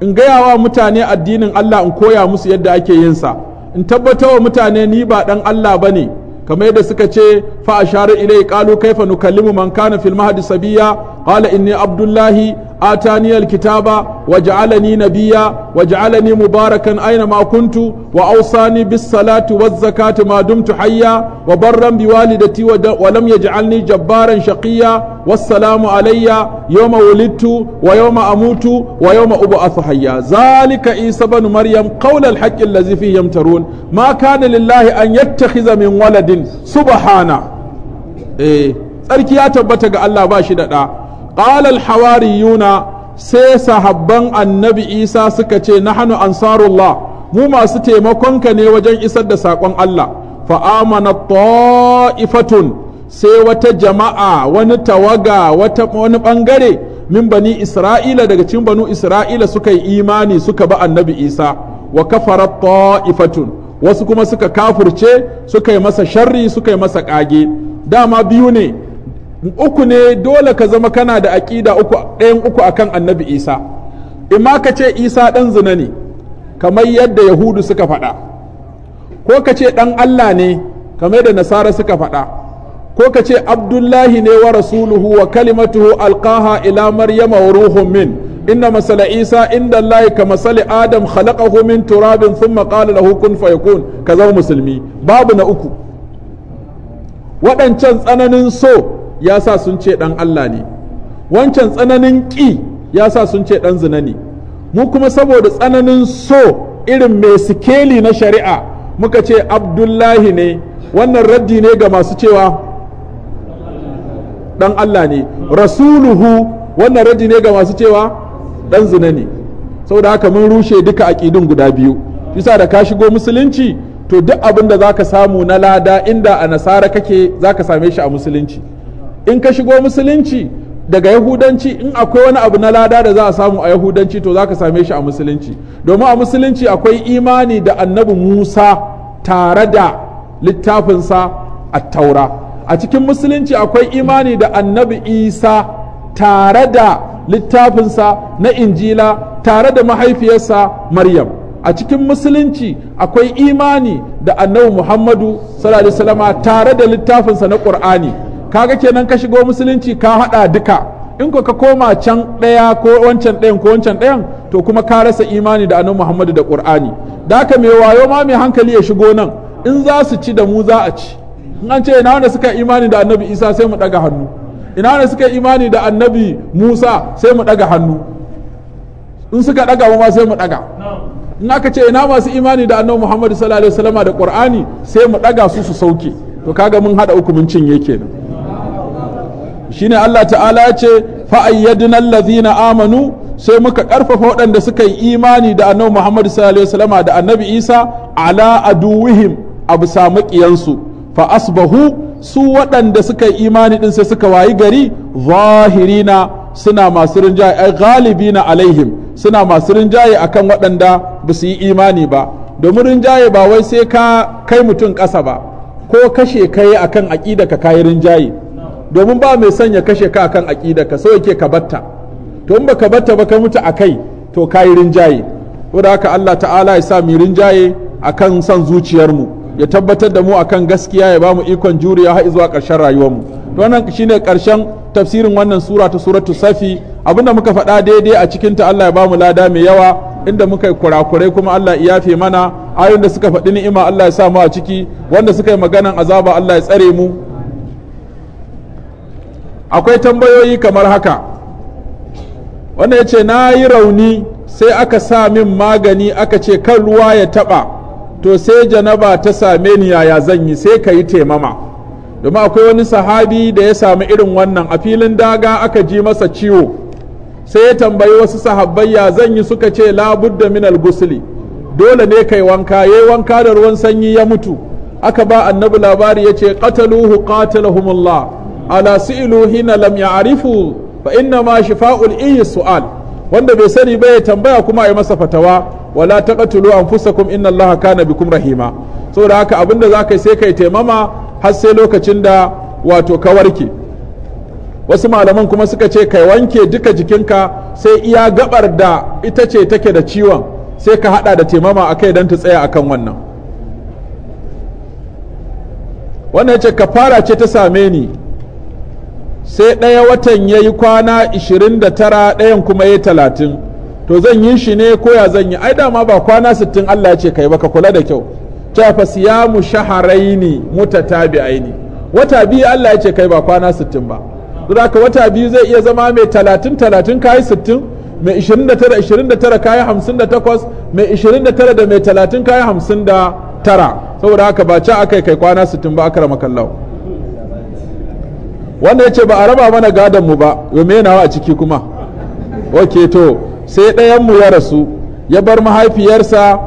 in gaya wa mutane addinin Allah in koya musu yadda ake yinsa in wa mutane ni ba ɗan Allah ba ne kamar yadda suka ce fa share ilai qalu kaifa nukallimu man kana fil mahdi sabiya قال إني عبد الله آتاني الكتاب وجعلني نبيا وجعلني مباركا أينما كنت وأوصاني بالصلاة والزكاة ما دمت حيا وبرا بوالدتي ولم يجعلني جبارا شقيا والسلام علي يوم ولدت ويوم أموت ويوم أبعث حيا ذلك عيسى بن مريم قول الحق الذي فيه يمترون ما كان لله أن يتخذ من ولد سبحانه إيه. tsarki ya tabbata ga Allah ba shi da ɗa qalal hawariyuna sai sahabban annabi isa suka ce hannu ansarullah mu masu taimakonka ne wajen isar da saƙon Allah fa'amana ta'ifatun sai wata jama'a wani tawaga wata wani ɓangare min bani isra'ila daga cikin banu isra'ila suka yi imani suka ba annabi isa wa kafara ta'ifatun wasu kuma suka kafurce suka yi masa sharri suka yi masa ƙage dama biyu ne uku ne dole ka zama kana da aƙida uku ɗayan uku akan annabi isa in ma ka ce isa ɗan zina ne kamar yadda yahudu suka faɗa ko ka ce ɗan allah ne kamar yadda nasara suka faɗa ko ka ce abdullahi ne wa rasuluhu wa kalimatuhu alqaha ila maryama wa ruhun min inna masala isa inda allahi ka masali adam khalaqahu min turabin sun qala lahu kun fayakun ka zama musulmi babu na uku waɗancan tsananin so ya sa sun ce ɗan Allah ne wancan tsananin ƙi ya sa sun ce ɗan zina ne mu kuma saboda tsananin so irin mai sikeli na shari'a muka ce abdullahi ne wannan raddi ne ga masu cewa ɗan Allah ne rasuluhu wannan raddi ne ga masu cewa ɗan zina ne saboda haka mun rushe duka aƙidun guda biyu bisa da ka shigo musulunci to duk abin da zaka samu na lada inda a nasara kake zaka same shi a musulunci in ka shigo musulunci daga yahudanci in akwai wani abu na lada da za a samu a yahudanci to za ka same shi a musulunci domin a musulunci akwai imani da annabi musa tare da littafinsa a taura a cikin musulunci akwai imani da annabi isa tare da littafinsa na injila tare da mahaifiyarsa maryam a cikin musulunci akwai imani da annabi muhammadu sallallahu alaihi tare da littafinsa na ƙur'ani kaga kenan ka shigo musulunci ka hada duka in ko ka koma can ɗaya ko wancan dayan ko wancan dayan to kuma ka rasa imani da annabi Muhammadu da Qur'ani da ka mai wayo ma mai hankali ya shigo nan in za su ci da mu za a ci in an ce ina wanda suka imani da annabi Isa sai mu daga hannu ina wanda suka imani da annabi Musa sai mu daga hannu in suka daga mu ma sai mu daga in aka ce ina masu imani da annabi Muhammadu sallallahu alaihi wasallama da Qur'ani sai mu daga su su sauke to kaga mun hada hukumin cinye kenan shine Allah ta'ala ya ce fa'ayyadna allazina amanu sai muka karfafa waɗanda suka yi imani da annabi Muhammad sallallahu alaihi wasallama da annabi Isa ala aduwihim abu samu kiyansu fa asbahu su waɗanda suka yi imani din sai suka wayi gari zahirina suna masu rinjaye ai galibina alaihim suna masu rinjaye akan waɗanda ba su yi imani ba domin rinjaye ba wai sai ka kai mutum ƙasa ba ko kashe kai akan aƙida ka kayi rinjaye domin ba mai son ya kashe ka akan aƙida ka so yake ka batta to in baka batta ba ka mutu akai to kayi rinjaye da haka Allah ta'ala ya sa mu rinjaye akan son zuciyar mu ya tabbatar da mu akan gaskiya ya ba mu ikon juriya har zuwa ƙarshen rayuwar mu to wannan shine ƙarshen tafsirin wannan sura ta suratu safi abinda muka faɗa daidai a cikinta Allah ya ba mu lada mai yawa inda muka yi kurakurai kuma Allah ya yafe mana ayoyin da suka faɗi ni'ima Allah ya sa mu a ciki wanda suka yi maganan azaba Allah ya tsare mu akwai tambayoyi kamar haka wanda ya ce na yi rauni sai aka sa min magani aka ce kan ruwa ya taɓa to sai janaba ta same ni yaya zan yi sai ka yi taimama domin akwai wani sahabi da ya sami irin wannan a filin daga aka ji masa ciwo sai ya tambayi wasu sahabbai ya zan yi suka ce labudda min al-gusli dole ne kai wanka ya yi wanka da ruwan sanyi ya mutu aka ba annabi labari ya ce qataluhu qatalahumullah ala su'ilu hina lam ya'rifu fa inna ma shifa'ul iyi su'al wanda bai sani ba ya tambaya kuma ayi masa fatawa wala taqtulu anfusakum inna allaha kana bikum rahima saboda haka abinda zaka sai kai taimama har sai lokacin da wato ka warke wasu malaman kuma suka ce kai wanke duka jikinka sai iya gabar da ita ce take da ciwon sai ka hada da taimama akai dan ta tsaya akan wannan wannan ce fara ce ta same ni sai ɗaya watan ya yi kwana 29 ɗayan kuma ya yi 30 to zan yi shi ne ko ya zan yi ai dama ba kwana 60 Allah ya ce kai baka kula da kyau ta fa siyamu shaharaini mutatabi'aini wata biyu Allah ya ce kai ba kwana 60 ba zaka wata biyu zai iya zama mai 30 30 kai 60 mai 29 29 kayi 58 mai 29 da mai 30 kayi 59 saboda haka ba ca akai kai kwana 60 ba akramakallahu wanda ya ce ba a raba mana gadonmu ba yau yana a ciki kuma ok to sai ɗayanmu ya rasu ya bar mahaifiyarsa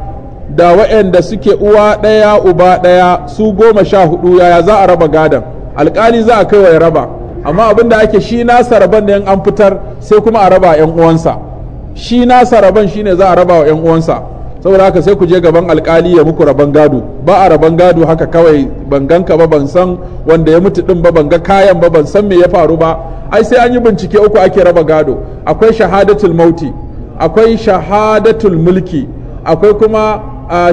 da waɗanda suke uwa ɗaya uba ɗaya su goma sha hudu yaya za a raba gadon Alƙali za a kai wa ya raba amma abin da ake shi nasa raban da an fitar sai kuma a raba yan uwansa shi nasa shi shine za a raba wa yan uwansa saboda haka sai ku je gaban alkali ya muku rabon gado ba a rabon gado haka kawai ban ganka ba ban san wanda ya mutu din ba ban ga kayan ba ban san me ya faru ba ai sai an yi bincike uku ake raba gado akwai shahadatul mauti akwai shahadatul mulki akwai kuma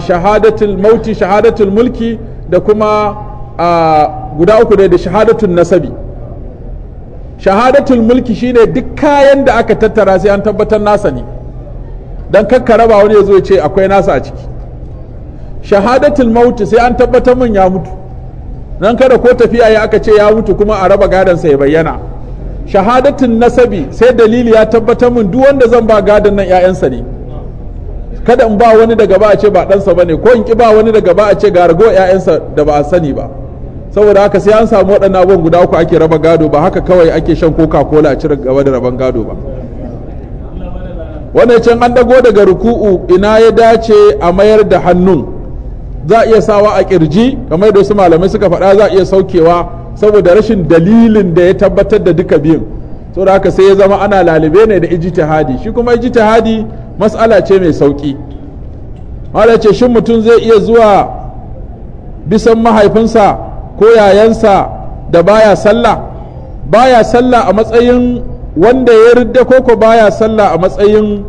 shahadatul mauti shahadatul mulki da kuma guda uku da shahadatul nasabi shahadatul mulki shine duk kayan da aka tattara sai an tabbatar nasa ne don kakkara raba wani ya zo ce akwai nasa a ciki shahadatul mauti sai an tabbatar min ya mutu nan kada ko tafiya ya aka ce ya mutu kuma a raba gadon sa ya bayyana shahadatul nasabi sai dalili ya tabbatar min duk wanda zan ba gadon nan ƴaƴansa ne kada in ba wani daga ba a ce ba ɗansa ba ne ko in ki ba wani daga ba a ce ga rago ƴaƴansa da ba a sani ba saboda haka sai an samu waɗannan abubuwan guda uku ake raba gado ba haka kawai ake shan coca cola a cire gaba da raban gado ba ya can an dago daga ruku'u ina ya dace a mayar da hannun za a iya sawa a kirji kamar da wasu malamai suka faɗa za a iya saukewa saboda rashin dalilin da ya tabbatar da duka biyun da haka sai ya zama ana lalibe ne da ijtihadi shi kuma ijtihadi mas'ala ce mai sauki mala ce shin mutum zai iya zuwa bisan mahaifinsa ko yayansa da baya sallah baya sallah a matsayin wanda ya ridda koko baya sallah a matsayin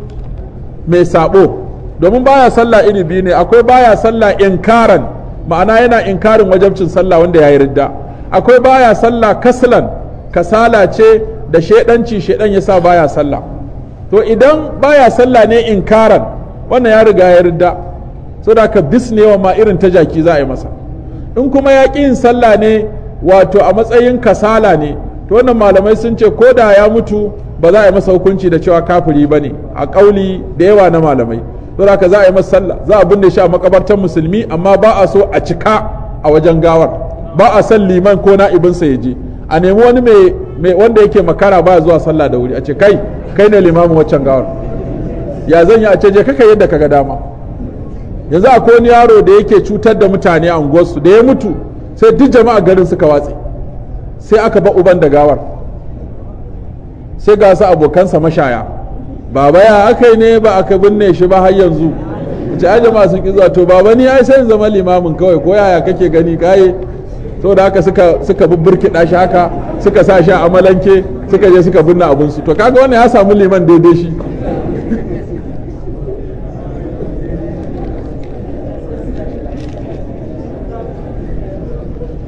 mai sabo domin baya sallah iri biyu ne akwai baya sallah inkaran ma'ana yana inkarin wajabcin sallah wanda ya yi ridda akwai baya sallah kaslan kasala ce da shedanci shedan ya sa baya sallah to idan baya sallah ne inkaran wannan ya riga ya ridda so da ka bisnewa ma irin ta jaki za a yi masa in kuma ya ƙi yin sallah ne wato a matsayin kasala ne to wannan malamai sun ce ko da ya mutu ba za a yi masa hukunci da cewa kafiri ba ne a ƙauli da yawa na malamai don haka za a yi masa sallah za a binne shi a makabartar musulmi amma ba a so a cika a wajen gawar ba a san liman ko na'ibinsa ya je a nemi wani mai mai wanda yake makara ba zuwa sallah da wuri a ce kai kai ne limamin waccan gawar ya zan yi a ce je kaka yadda ga dama yanzu akwai wani yaro da yake cutar da mutane a unguwarsu da ya mutu sai duk jama'a garin suka watse sai aka ba uban da gawar sai ga su abokansa mashaya baba baya aka yi ne ba aka binne shi ba har yanzu ce ai masu sun to baba ni ai sai zama limamin kawai ko yaya kake gani kaye da haka suka suka bubburkida shi haka suka sa shi a amalanke suka je suka binne abun su to kaga wannan ya samu liman daidai shi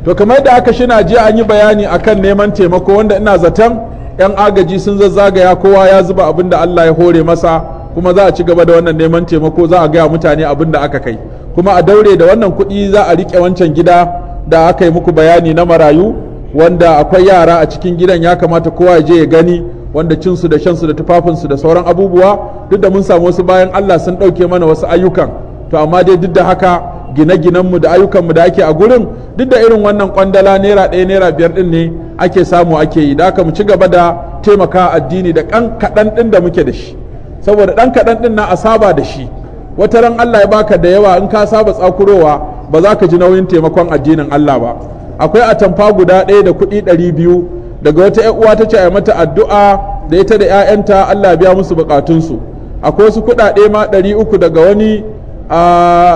to kamar da aka shi jiya an yi bayani akan neman taimako wanda ina zaton 'yan agaji sun zazzagaya kowa ya zuba abin da Allah ya hore masa kuma za a ci gaba da wannan neman taimako za a gaya mutane abin da aka kai kuma a daure da wannan kuɗi za a riƙe wancan gida da aka yi muku bayani na marayu wanda akwai yara a cikin gidan ya kamata kowa ya je ya gani wanda cinsu da shansu da tufafinsu da sauran abubuwa duk da mun samu wasu bayan Allah sun ɗauke mana wasu ayyukan to amma dai duk da haka gine-ginenmu da ayyukanmu da ake a gurin duk da irin wannan kwandala naira ɗaya naira biyar ɗin ne ake samu ake yi da aka mu ci gaba da taimaka addini da ɗan kaɗan ɗin da muke da shi saboda ɗan kaɗan ɗin na a saba da shi wata ran Allah ya baka da yawa in ka saba tsakurowa ba za ka ji nauyin taimakon addinin Allah ba akwai atamfa guda ɗaya da kuɗi ɗari biyu daga wata 'ya'uwa uwa ta ce a mata addu'a da ita da 'ya'yanta Allah ya biya musu bukatunsu akwai wasu kuɗaɗe ma ɗari uku daga wani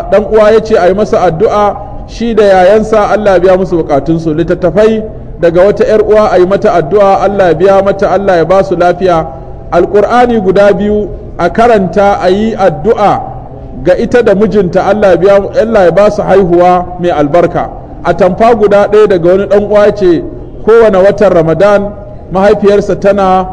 dan uwa ya ce a yi masa addu'a shi da yayansa Allah biya musu bukatunsu littattafai daga wata 'yar uwa a yi mata addu'a Allah biya mata Allah ya ba su lafiya alkur'ani guda biyu a karanta a yi addu'a ga ita da mijinta Allah ya ba su haihuwa mai albarka a tamfa guda ɗaya daga wani ɗan uwa ce kowane watan ramadan mahaifiyarsa tana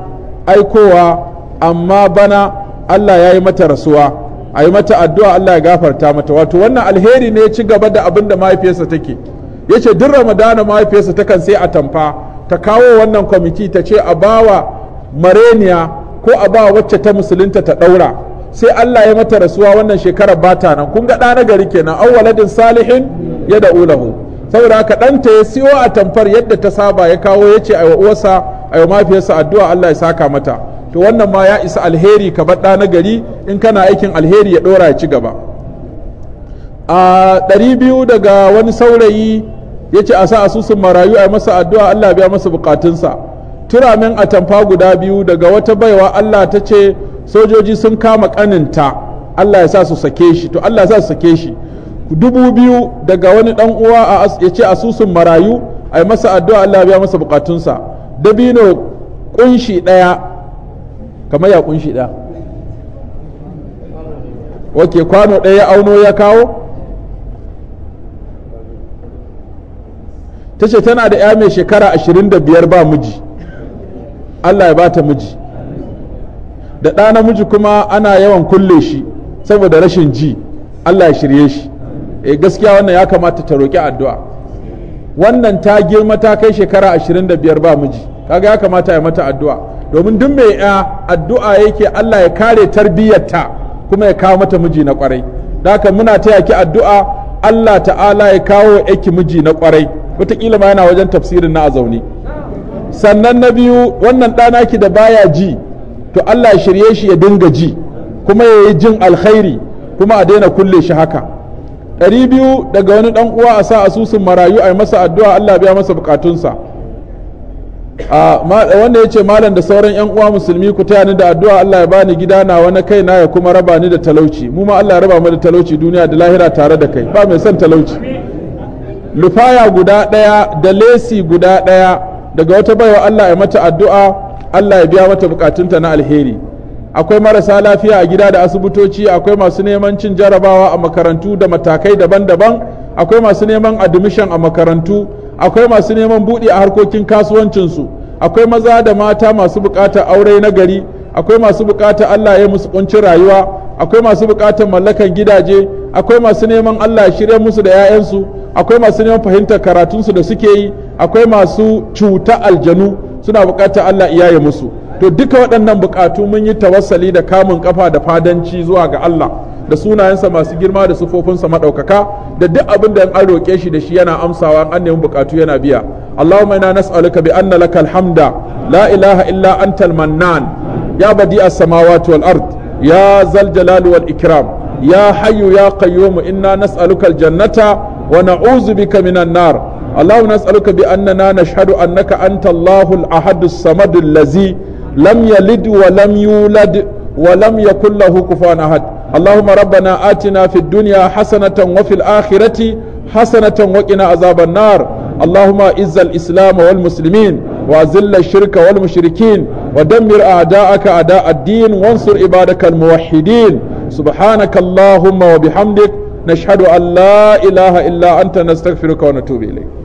aikowa amma bana Allah ya yi mata rasuwa a yi mata addu'a Allah ya gafarta mata wato wannan alheri ne ci gaba da abin da mahaifiyarsa take ya ce duk ramadana mahaifiyarsa ta kan sai a tamfa ta kawo wannan kwamiti ta ce a bawa mareniya ko a ba wacce ta musulunta ta ɗaura sai Allah ya mata rasuwa wannan shekarar bata nan kun ga ɗana gari kenan an waladin salihin ya da ulahu saboda haka ɗanta ya siyo a tamfar yadda ta saba ya kawo ya ce a wa uwarsa a yi mahaifiyarsa addu'a Allah ya saka mata to wannan ma ya isa alheri ka bar na gari in kana aikin alheri ya ɗora ya ci gaba a ɗari biyu daga wani saurayi ya ce a sa asusun marayu a masa addu'a Allah biya masa bukatunsa turamen atamfa guda biyu daga wata baiwa Allah ta ce sojoji sun kama kaninta Allah ya sa su sake shi to Allah ya sa su sake shi dubu biyu daga wani dan uwa ya ce asusun marayu a masa addu'a Allah biya masa bukatunsa dabino kunshi ɗaya kamar ya kunshi ɗaya ok kwano ɗaya ya auno ya kawo ta ce tana da ya mai shekara 25 ba miji allah ya ba ta miji da ɗa namiji kuma ana yawan kulle shi saboda rashin ji allah ya shirye shi e gaskiya wannan ya kamata ta roƙi addu'a wannan ta girma ta kai shekara 25 ba miji kaga ya kamata ya mata addu'a domin duk mai ya ah, addu'a yake Allah ya kare tarbiyyarta kuma ya kawo mata miji na kwarai haka muna taya ki addu'a Allah ta'ala ya kawo yake miji na kwarai wataƙila ma yana wajen tafsirin na zaune sannan na biyu wannan ɗana ki da baya ji to Allah ya shirye shi ya dinga ji kuma ya yi jin alkhairi kuma a daina kulle shi haka ɗari biyu daga wani ɗan uwa a sa asusun marayu a yi masa addu'a Allah biya masa bukatunsa a wanda ya ce malam da sauran yan uwa musulmi ku taya ni da addu'a Allah ya bani gida na wani kai na ya kuma raba ni da talauci mu ma Allah ya raba mu da talauci duniya da lahira tare da kai ba mai son talauci lufaya guda daya da lesi guda daya daga wata baiwa Allah ya mata addu'a Allah ya biya mata bukatunta na alheri akwai marasa lafiya a gida da asibitoci akwai masu neman cin jarabawa a makarantu da matakai daban-daban akwai masu neman admission a makarantu akwai masu neman buɗe a harkokin kasuwancinsu akwai maza da mata masu buƙatar aure na gari akwai masu bukata Allah ya musu kuncin rayuwa akwai masu buƙatar mallakan gidaje akwai masu neman Allah shirya musu da 'ya'yansu akwai masu neman fahimtar karatunsu da suke yi akwai masu cuta aljanu suna bukatar Allah iyaye musu to duka waɗannan bukatu mun yi tawassali da kamun kafa da fadanci zuwa ga Allah da sunayensa masu girma da sufofinsa madaukaka da duk abin da an roƙe shi da shi yana amsawa an nemi bukatu yana biya Allahumma ina nas'aluka bi anna lakal hamda la ilaha illa antal mannan ya badi as-samawati wal ard ya zal jalali wal ikram ya hayyu ya qayyum inna nas'aluka jannata wa na'udzu bika minan nar اللهم نسألك بأننا نشهد أنك أنت الله الأحد الصمد الذي لم يلد ولم يولد ولم يكن له كفوا أحد اللهم ربنا آتنا في الدنيا حسنة وفي الآخرة حسنة وقنا عذاب النار اللهم إز الإسلام والمسلمين وأذل الشرك والمشركين ودمر أعداءك أعداء الدين وانصر عبادك الموحدين سبحانك اللهم وبحمدك نشهد أن لا إله إلا أنت نستغفرك ونتوب إليك